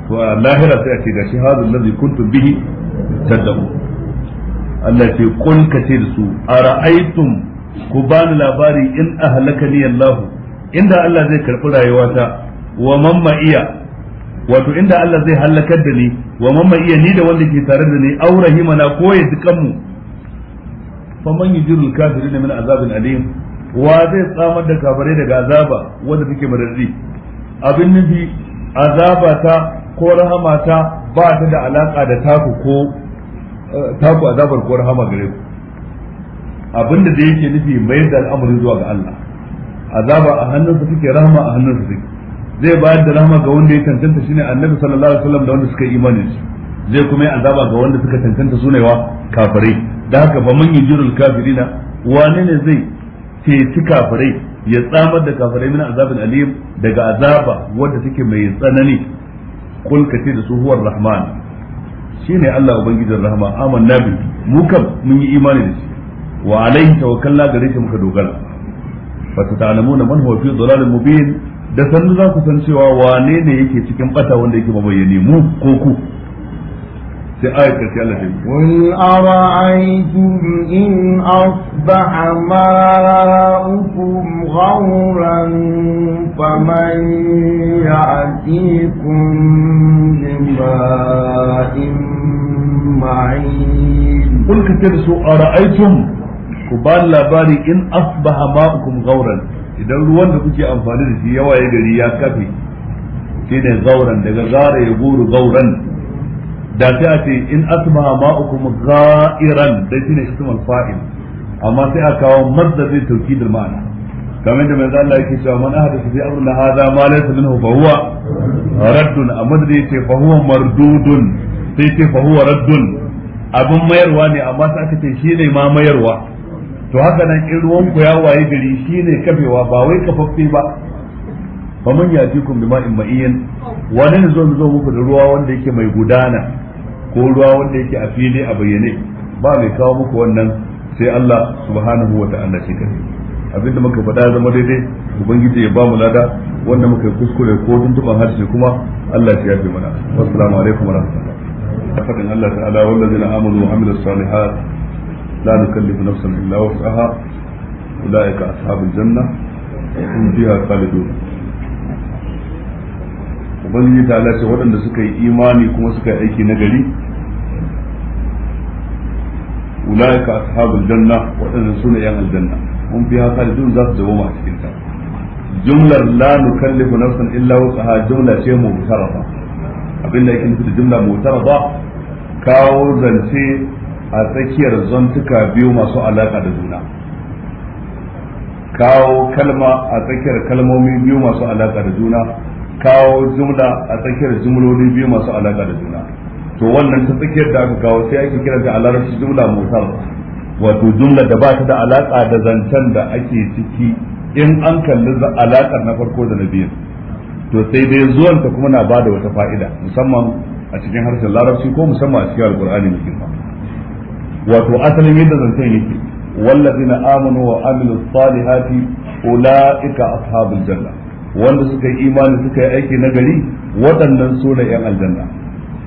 to a lahira sai a ce gashi hazan da zai kuntum bihi tad'un Allah ce kun ka ce da su ara'aytum ku bani labari in ahlakani Allah inda Allah zai karbi rayuwata wa mamma iya wato inda Allah zai halakar da ni wa mamma iya ni da wanda ke tare da ni aw rahimana ko ya dukan mu fa man yujirul kafirin min azabin alim wa zai tsamar da kafirai daga azaba wanda take mararri abin nufi azabata ko rahamata ba ta da alaka da taku ko taku azabar ko rahama gare ku abinda da yake nufi mai da al'amari zuwa ga Allah azaba a hannunsa suke rahama a hannunsa suke zai bayar da rahama ga wanda ya tantanta shine annabi sallallahu alaihi wasallam da wanda suka yi imani shi zai kuma yi azaba ga wanda suka tantanta sunewa kafirai da haka fa man yujirul kafirina wane ne zai ceci kafirai ya tsamar da kafirai min azabin alim daga azaba wanda suke mai tsanani kul kace da su huwar rahman Shi ne Allah ubangijin rahama amanna nabi mu kam mun yi imani da shi wa alaihi tawakkalna gare shi muka dogara fa ta'lamuna man huwa fi dhalalin mubin da sannu za ku san cewa wane ne yake cikin bata wanda yake mabayyane mu ko ku آية كالتي قل أرأيتم إن أصبح ماؤكم غورا فمن يأتيكم بماء معين قل كتبسوا أرأيتم كبال لباري إن أصبح ماؤكم غورا إذا الوان تكي أنفالي في يواي قريا كفي كده غورا دقا غار يقول غورا da sai a ce in ma ma'ukum gha'iran da shine ismul fa'il amma sai a kawo madda zai tawkidul ma'ana kamar da manzo Allah yake cewa man ahdatha fi amrina hada ma laysa minhu fa huwa raddun amma da yake fa huwa mardudun sai ce fa huwa raddun abin mayarwa ne amma sai aka ce shine ma mayarwa to haka nan in ruwan ku ya waye gari shine kafewa ba wai kafaffe ba faman yajikum bima'in ma'iyin wani ne zo mu zo muku da ruwa wanda yake mai gudana ko ruwa wanda yake a fili a bayyane ba mai kawo muku wannan sai Allah subhanahu wa ta'ala shi kadai abinda muka faɗa zama daidai ubangiji ya ba mu lada wanda muka kuskure ko tuntuban harshe kuma Allah ya fi mana assalamu alaikum wa rahmatullahi ta'ala الله تعالى والذين wa وعملوا salihat la nukallifu nafsan illa wus'aha اولئك ashabul janna هم fiha khalidun ubangiji ta lace waɗanda suka yi imani kuma suka yi aiki na gari ulaika ashabul janna waɗanda suna yan aljanna mun fi haka da za su zama a cikin ta jumlar la nukallifu nafsan illa wusaha jumla ce mutarafa abinda yake nufi da jumla mutarafa kawo zance a tsakiyar zantuka biyu masu alaka da juna kawo kalma a tsakiyar kalmomi biyu masu alaka da juna kawo jumla a tsakiyar jumloli biyu masu alaka da juna to wannan ta tsakiyar da aka kawo sai ake kira da alarabci jumla motar wato jumla da ba ta da alaka da zancen da ake ciki in an kalli alakar na farko da na biyu to sai dai zuwanta kuma na bada wata fa'ida musamman a cikin harshen larabci ko musamman a cikin alkur'ani mai girma wato asalin yadda zancen yake wallazina amanu wa amilu salihati ulaika ashabul janna wanda suka yi imani suka yi aiki na gari waɗannan su ne yan aljanna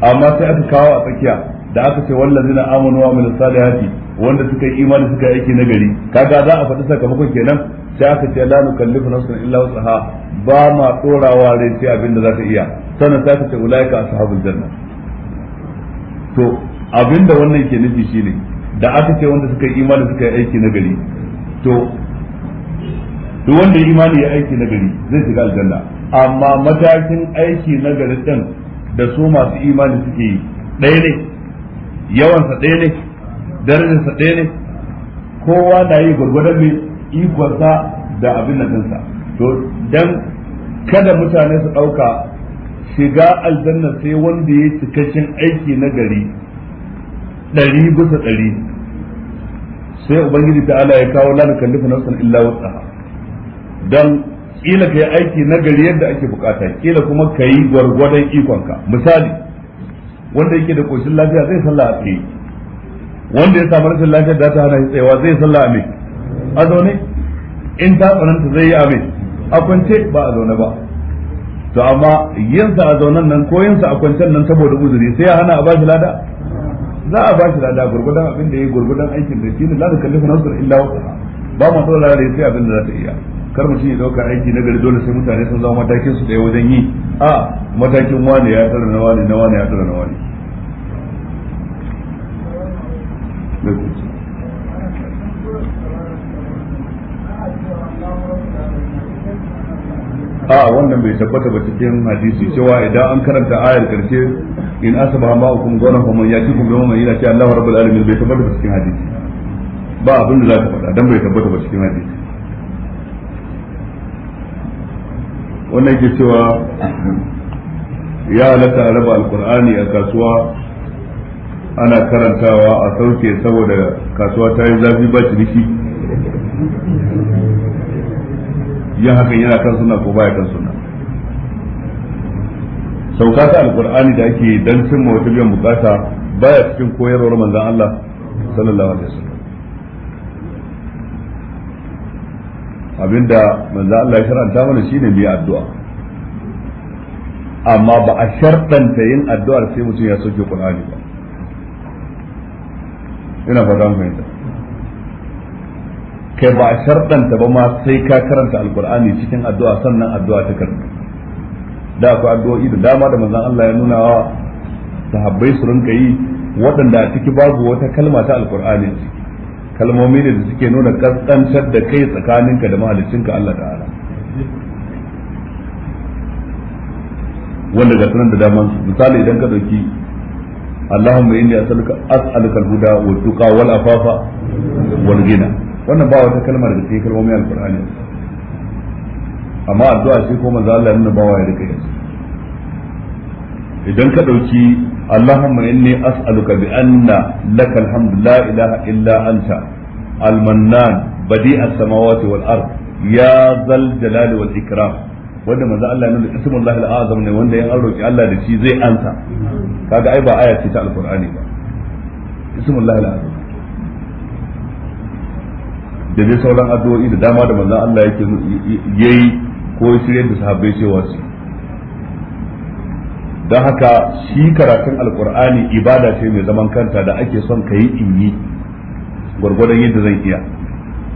amma sai aka kawo a tsakiya da aka ce zina amanu wa min salihati wanda suka yi imani suka yi aiki na gari kaga za a faɗi sakamakon kenan sai aka ce la nukallifu nafsan illa wusaha ba ma tsorawa rai sai abinda za ta iya sannan sai aka ce ulaika ashabul janna to abinda wannan ke nufi shine da aka ce wanda suka yi imani suka yi aiki na gari to duk wanda ya imani ya aiki na gari zai shiga aljanna amma matakin aiki na gari din da su masu imani suke yi ɗaya ne yawansa ɗaya ne darajarsa ɗaya ne kowa na yi gwargwadon mai ikonsa da abin da dinsa to dan kada mutane su ɗauka shiga aljanna sai wanda ya cikakken aiki na gari ɗari bisa ɗari sai ubangiji ta'ala ya kawo lalukan nukallifu nafsan illa wasaha don kila ka yi aiki na gari yadda ake bukata kila kuma ka yi gwargwadon ikonka misali wanda yake da koshin lafiya zai sallah a kai wanda ya samu rashin lafiya da ta hana shi tsayawa zai sallah a mai a zaune in ta tsananta zai yi a mai a kwance ba a zaune ba to amma yinsa a zaunen nan ko yinsa a kwancen nan saboda uzuri sai ya hana a bashi lada za a bashi lada gurgudan abin da ya yi gurgudan aikin da shi ne la da kallafa nasar illa wasa ba mu tsora da sai abin da za ta iya kar mutum ya dauka aiki na gari dole sai mutane sun zama matakin su daya wajen yi a matakin wane ya tsara na wane na wane ya tsara na wane a wannan bai tabbata ba cikin hadisi cewa idan an karanta ayar karshe in asaba ma ukum gona fa man yatikum bi man yana ce Allahu rabbul alamin bai tabbata ba cikin hadisi ba abin da za ka faɗa dan bai tabbata ba cikin hadisi wannan ke cewa ya halatta a raba alkur'ani a kasuwa ana karantawa a sauke saboda kasuwa ta yi zafi ba ciniki yin hakan yana kan suna ko baya kan suna sauka ta alkur'ani da ake don cimma wata biyan bukata baya cikin koyarwar manzan Allah sallallahu alaihi wasallam abinda manzo Allah ya karanta mana shine bi addu'a amma ba a shartanta yin addu'ar sai mutum ya soke Qur'ani ba ina fata mun fahimta kai ba a shartanta ba ma sai ka karanta alqur'ani cikin addu'a sannan addu'a ta karanta da akwai addu'o'i da dama da manzon Allah ya nuna wa sahabbai su rinka yi waɗanda a ciki babu wata kalma ta alqur'ani ciki kalmomi ne da suke nuna kaskantar da kai tsakaninka da mahaliccinka Allah ta'ala wanda ga sunan da daman su misali idan ka dauki Allahumma inni as'aluka as'aluka al-huda wa tuqa wal afafa wal ghina wannan ba wata kalmar da take Al-Qur'ani. amma addu'a shi ko manzo Allah ya nuna bawa ya rike idan ka dauki اللهم إني أسألك بأن لك الحمد لا إله إلا أنت المنان بديع السماوات والأرض يا ذا الجلال والإكرام wanda manzo Allah ya nuna ismu al-azam ne wanda ya roki Allah da shi zai ansa kaga ai ba aya ce ta alqur'ani ba ismu Allah al-azam da dai sauran addu'o'i da dama da manzo Allah yake yayi ko shirye da sahabbai cewa su don haka shi karatun alkur'ani ibada ce mai zaman kanta da ake son ka yi inyi gwargwadon yadda zan iya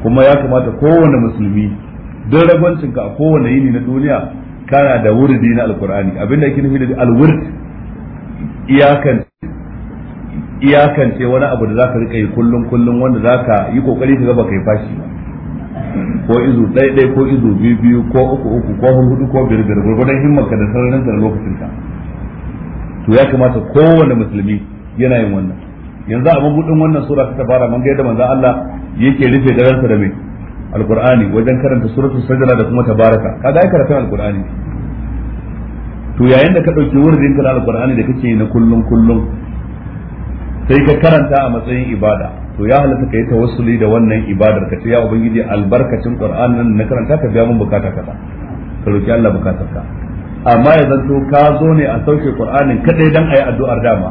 kuma ya kamata kowane musulmi don ragwancinka a kowane yini na duniya kana da wurdi na alkur'ani abinda ake nufi da alwurd iyakan iyakance wani abu da zaka rika yi kullum kullum wanda zaka yi kokari ka gaba kai fashi ko izu ɗaya ɗaya ko izu biyu biyu ko uku uku ko hudu ko biyar biyar gwargwadon himmanka da sararin da lokacin ka to ya kamata kowane musulmi yana yin wannan yanzu a mabudin wannan sura ta fara mun ga yadda manzo Allah yake rufe daransa da mai alqur'ani wajen karanta suratul sajda da kuma tabaraka kaga ai karatun alqur'ani to yayin da ka dauki wurin ka alqur'ani da kake na kullun kullun sai ka karanta a matsayin ibada to ya halatta ka yi tawassuli da wannan ibadar ka ce ya ubangiji albarkacin qur'anin na karanta ka biya mun bukata kaza ka roki Allah bukatarka amma ya zanto ka zo ne a sauke qur'anin kadai dan ayi addu'ar dama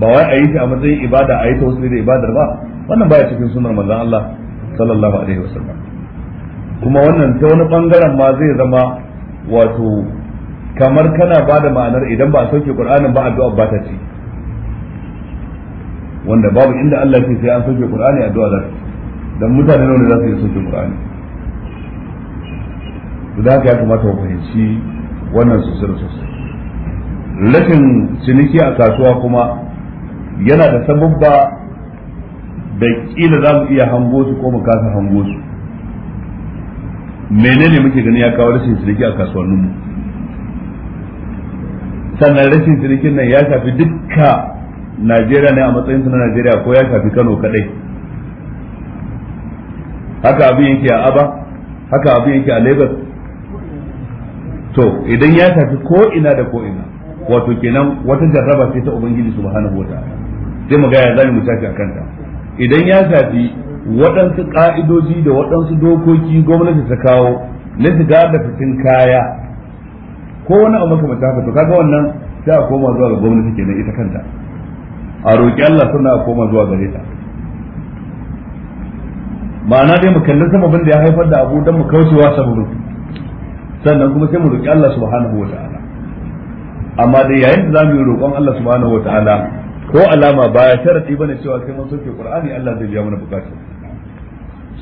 ba wai ayi shi a matsayin ibada ayi ta wasu da ibadar ba wannan baya cikin sunnar manzon Allah sallallahu alaihi wasallam kuma wannan ta wani bangaren ma zai zama wato kamar kana ba da ma'anar idan ba a sauke qur'anin ba addu'a ba ta ci wanda babu inda Allah ke sai an sauke qur'ani addu'a za dan mutane ne za su yi sauke qur'ani da haka ya kamata mu fahimci wannan su da sosai rashin ciniki a kasuwa kuma yana da sababba da kila za mu iya hango su ko mu kasa hango su menene muke gani ya kawo rashin ciniki a kasuwanninmu sannan rashin cinikin nan ya shafi dukka najeriya ne a matsayin na najeriya ko ya shafi kano kadai haka abin yake a aba haka abin yake a lagos to idan ya tafi ko ina da ko ina wato kenan wata jarraba ce ta ubangiji subhanahu ta'ala sai mu ga ya zamu tafi akan ta idan ya tafi waɗansu ka'idoji da waɗansu dokoki gwamnati ta kawo na shiga da fitin kaya ko wani abu makamanta haka to kaga wannan sai a koma zuwa ga gwamnati kenan ita kanta a roƙi Allah suna a koma zuwa gare ta ma'ana dai mu kalli sababin da ya haifar da abu don mu kaucewa sabbin. sannan kuma sai mu roƙi Allah subhanahu wa ta'ala amma da yayin da zamu yi roƙon Allah subhanahu wa ta'ala ko alama ba ya sharadi bane cewa sai mun soke Qur'ani Allah zai biya mana bukatu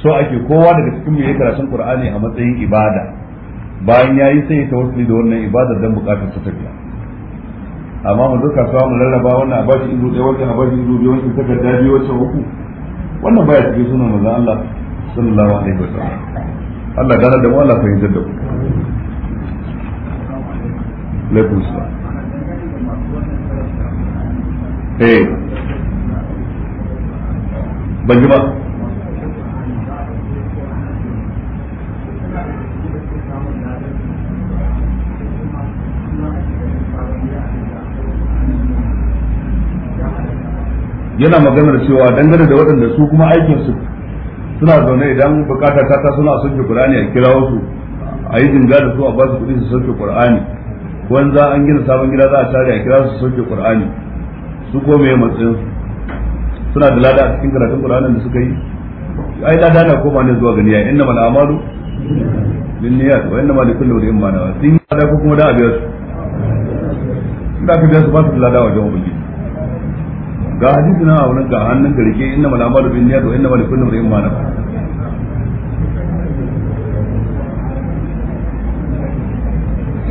so ake kowa daga cikin mu yayi karatun Qur'ani a matsayin ibada bayan yayi sai ya tawassuli da wannan ibadar dan bukatun ta tafiya amma mu duka sawa mu lallaba wannan a bashi ido ɗaya wata a bashi ido biyu wata takarda biyu wata uku wannan baya cikin sunan manzon Allah sallallahu alaihi wasallam Allah gana da mu Allah fahimtar da ku alaikum salam eh ban ji ba yana maganar cewa dangane da waɗanda su kuma aikinsu suna zaune idan bukata ta ta suna soke qur'ani a kira su a yi jinga da su a ba su kuɗi su sauke qur'ani wani za an gina sabon gida za a tare a kira su sauke qur'ani su ko me matsayin suna da lada a cikin karatun Qur'ani da suka yi ai lada na koma ne zuwa gani ya inna mal amalu bin niyyat wa inna ma likulli imrin ma nawa sun yi ko kuma da abiyar su da ka biya su ba su lada wajen ubangi ga hadisi na wurin ga hannun garke inna mala amalu bin niyyat wa inna mala kullu imrin ma nawa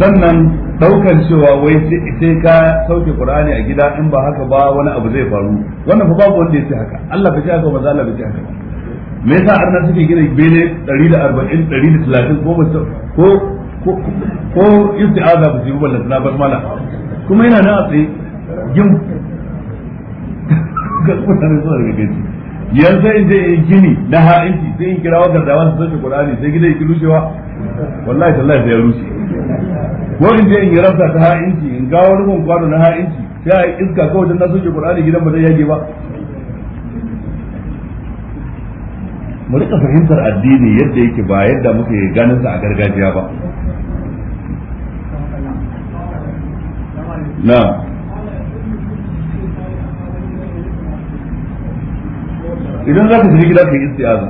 sannan daukar cewa wai sai ka sauke qur'ani a gida in ba haka ba wani abu zai faru wannan fa babu wanda ya ce haka Allah bai ce haka ba Allah bai ce haka me yasa arna suke gina bene 140 130 ko ko ko istiaza ba su yi wannan na mala kuma yana nan a tsaye gim ga mutane suna daga gaji yanzu in je in gini na ha'inci sai in kira kirawo gardawa wasu soke qur'ani sai gida yake rushewa wallahi tallahi sai ya rushe ko in je in yi rafta ta ha'inci in gawo rubun kwano na ha'inci sai a iska kawai dan na soke qur'ani gidan ba zai yage ba mu rika fahimtar addini yadda yake ba yadda muke ganin sa a gargajiya ba na idan za ka shiga gida ka yi istiyaza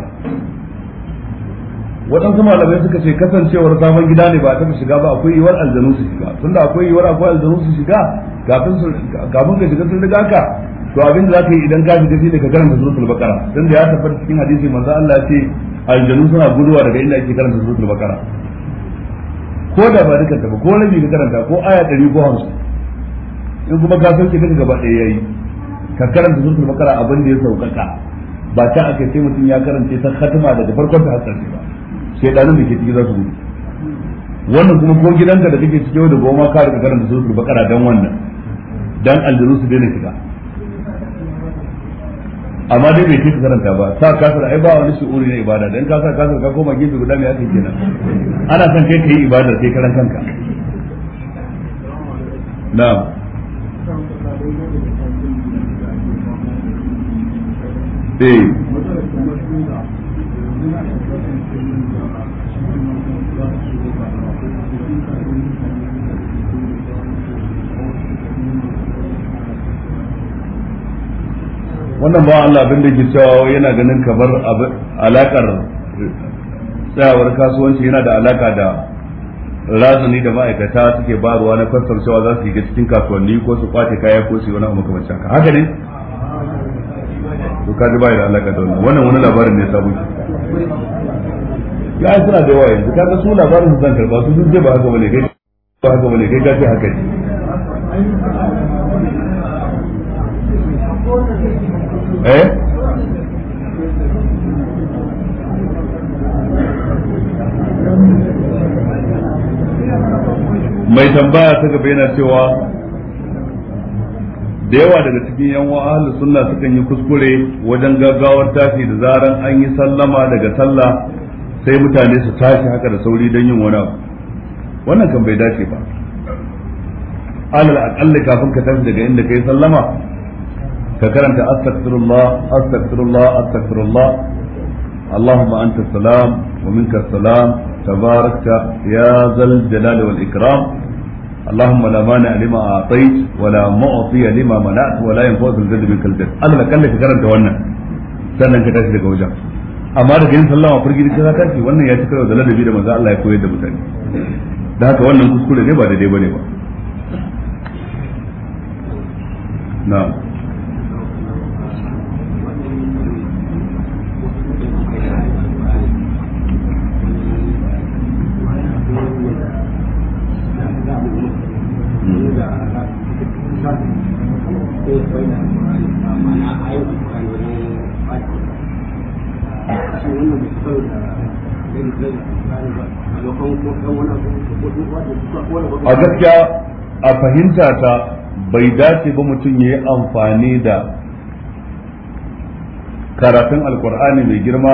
waɗansu malamai suka ce kasancewar sabon gida ne ba ta ka shiga ba akwai yiwuwar aljanu su shiga da akwai yiwuwar akwai aljanu su shiga kafin ka shiga sun riga ka to abin da za ka yi idan ka shiga shine ka karanta suratul baqara don da ya tabbata cikin hadisi manzo Allah ya ce aljanu suna guduwa daga inda ake karanta suratul baqara ko da ba duka ba ko rabi ka karanta ko aya 150 in kuma ka sauke duka gaba ɗaya yayi ka karanta suratul baqara abin da ya saukaka ba ta aka sai mutum ya karance ta khatima daga farkon ta hasar ba sai danin da ke ciki za su gudu wannan kuma ko gidanka da kake cikin da goma ka daga karanta su bakara dan wannan dan aljuru su daina shiga amma dai bai ka karanta ba sa kasar ai ba wani uri na ibada dan ka sa kasar ka koma gefe guda mai ake kenan ana son kai kai ibada sai karan kanka na'am Eh. wannan ba Allah abin da ke cewa yana ganin kamar alakar tsayawar kasuwanci yana da alaka da razani da ma'aikata suke baruwa na kwastar cewa za su yi cikin kasuwanni ko su kwace kaya ko su yi wani abu kamar haka haka ne kaji bai da alaka da wannan wannan wani labarin ne sabon ya suna da yawa yanzu kaga su labarin su zan karba su duk ba haka bane kai ba haka bane kai ka haka ne eh mai tambaya ta gaba yana cewa da yawa daga cikin yan ahlus sunna sukan yi kuskure wajen gaggawar tashi da zaran an yi sallama daga sallah sai mutane su tashi haka da sauri don yin wani abu wannan kan bai dace ba alal aqalli kafin ka tashi daga inda kai sallama ka karanta astaghfirullah astaghfirullah astaghfirullah اللهم أنت السلام ومنك السلام تباركت يا ذا الجلال والإكرام اللهم لا مانع لما اعطيت ولا معطي لما منعت ولا ينفع ذو الجد منك الجد الله كان لك karanta wannan ka tashi daga da kaza wannan ya ci karo da da manzo Allah a fahimta ta bai dace ba mutum ya yi amfani da karatun alkur'ani mai girma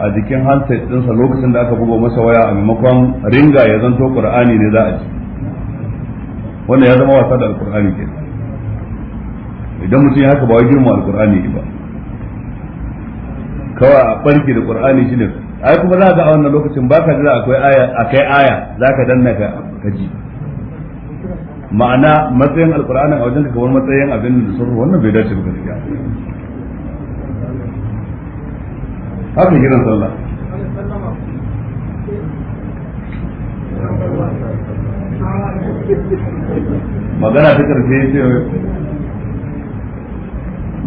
a jikin hansa ɗinsa lokacin da aka buga masa waya a maimakon ringa ya zanto qur'ani ne za a ci wannan ya zama wasa da alkur'ani ke idan mutum ya haka ba wai girma alkur'ani ba kawai a ɓarke da qur'ani ne, ai kuma za a ga a wannan lokacin ka jira akwai aya akai aya danna ka ji ma'ana matsayin alqur'anin a wajen ka kamar matsayin abin da sun wannan bai dace ba gaskiya haka gidan sallah magana ta karfe ce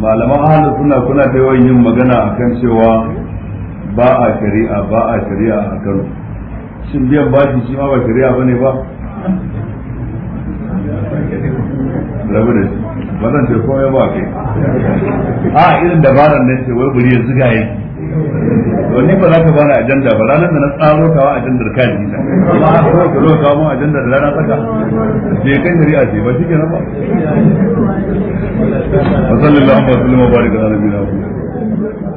malaman ahalar suna kuna ta yawan yin magana a kan cewa ba a shari'a ba a shari'a a kano shin biyan bashi shi ma ba shari'a ba ne ba rabu da shi ba ba kai a irin ne ce wai ya zuga to ba za ka bani ajanda ba ranar da na tsaro kawo ajandar da ni ta amma a ka zo kawo mu ajandar da rana saka je kan a ce ba shi nan ba wa sallallahu alaihi wa Bari ga baraka ala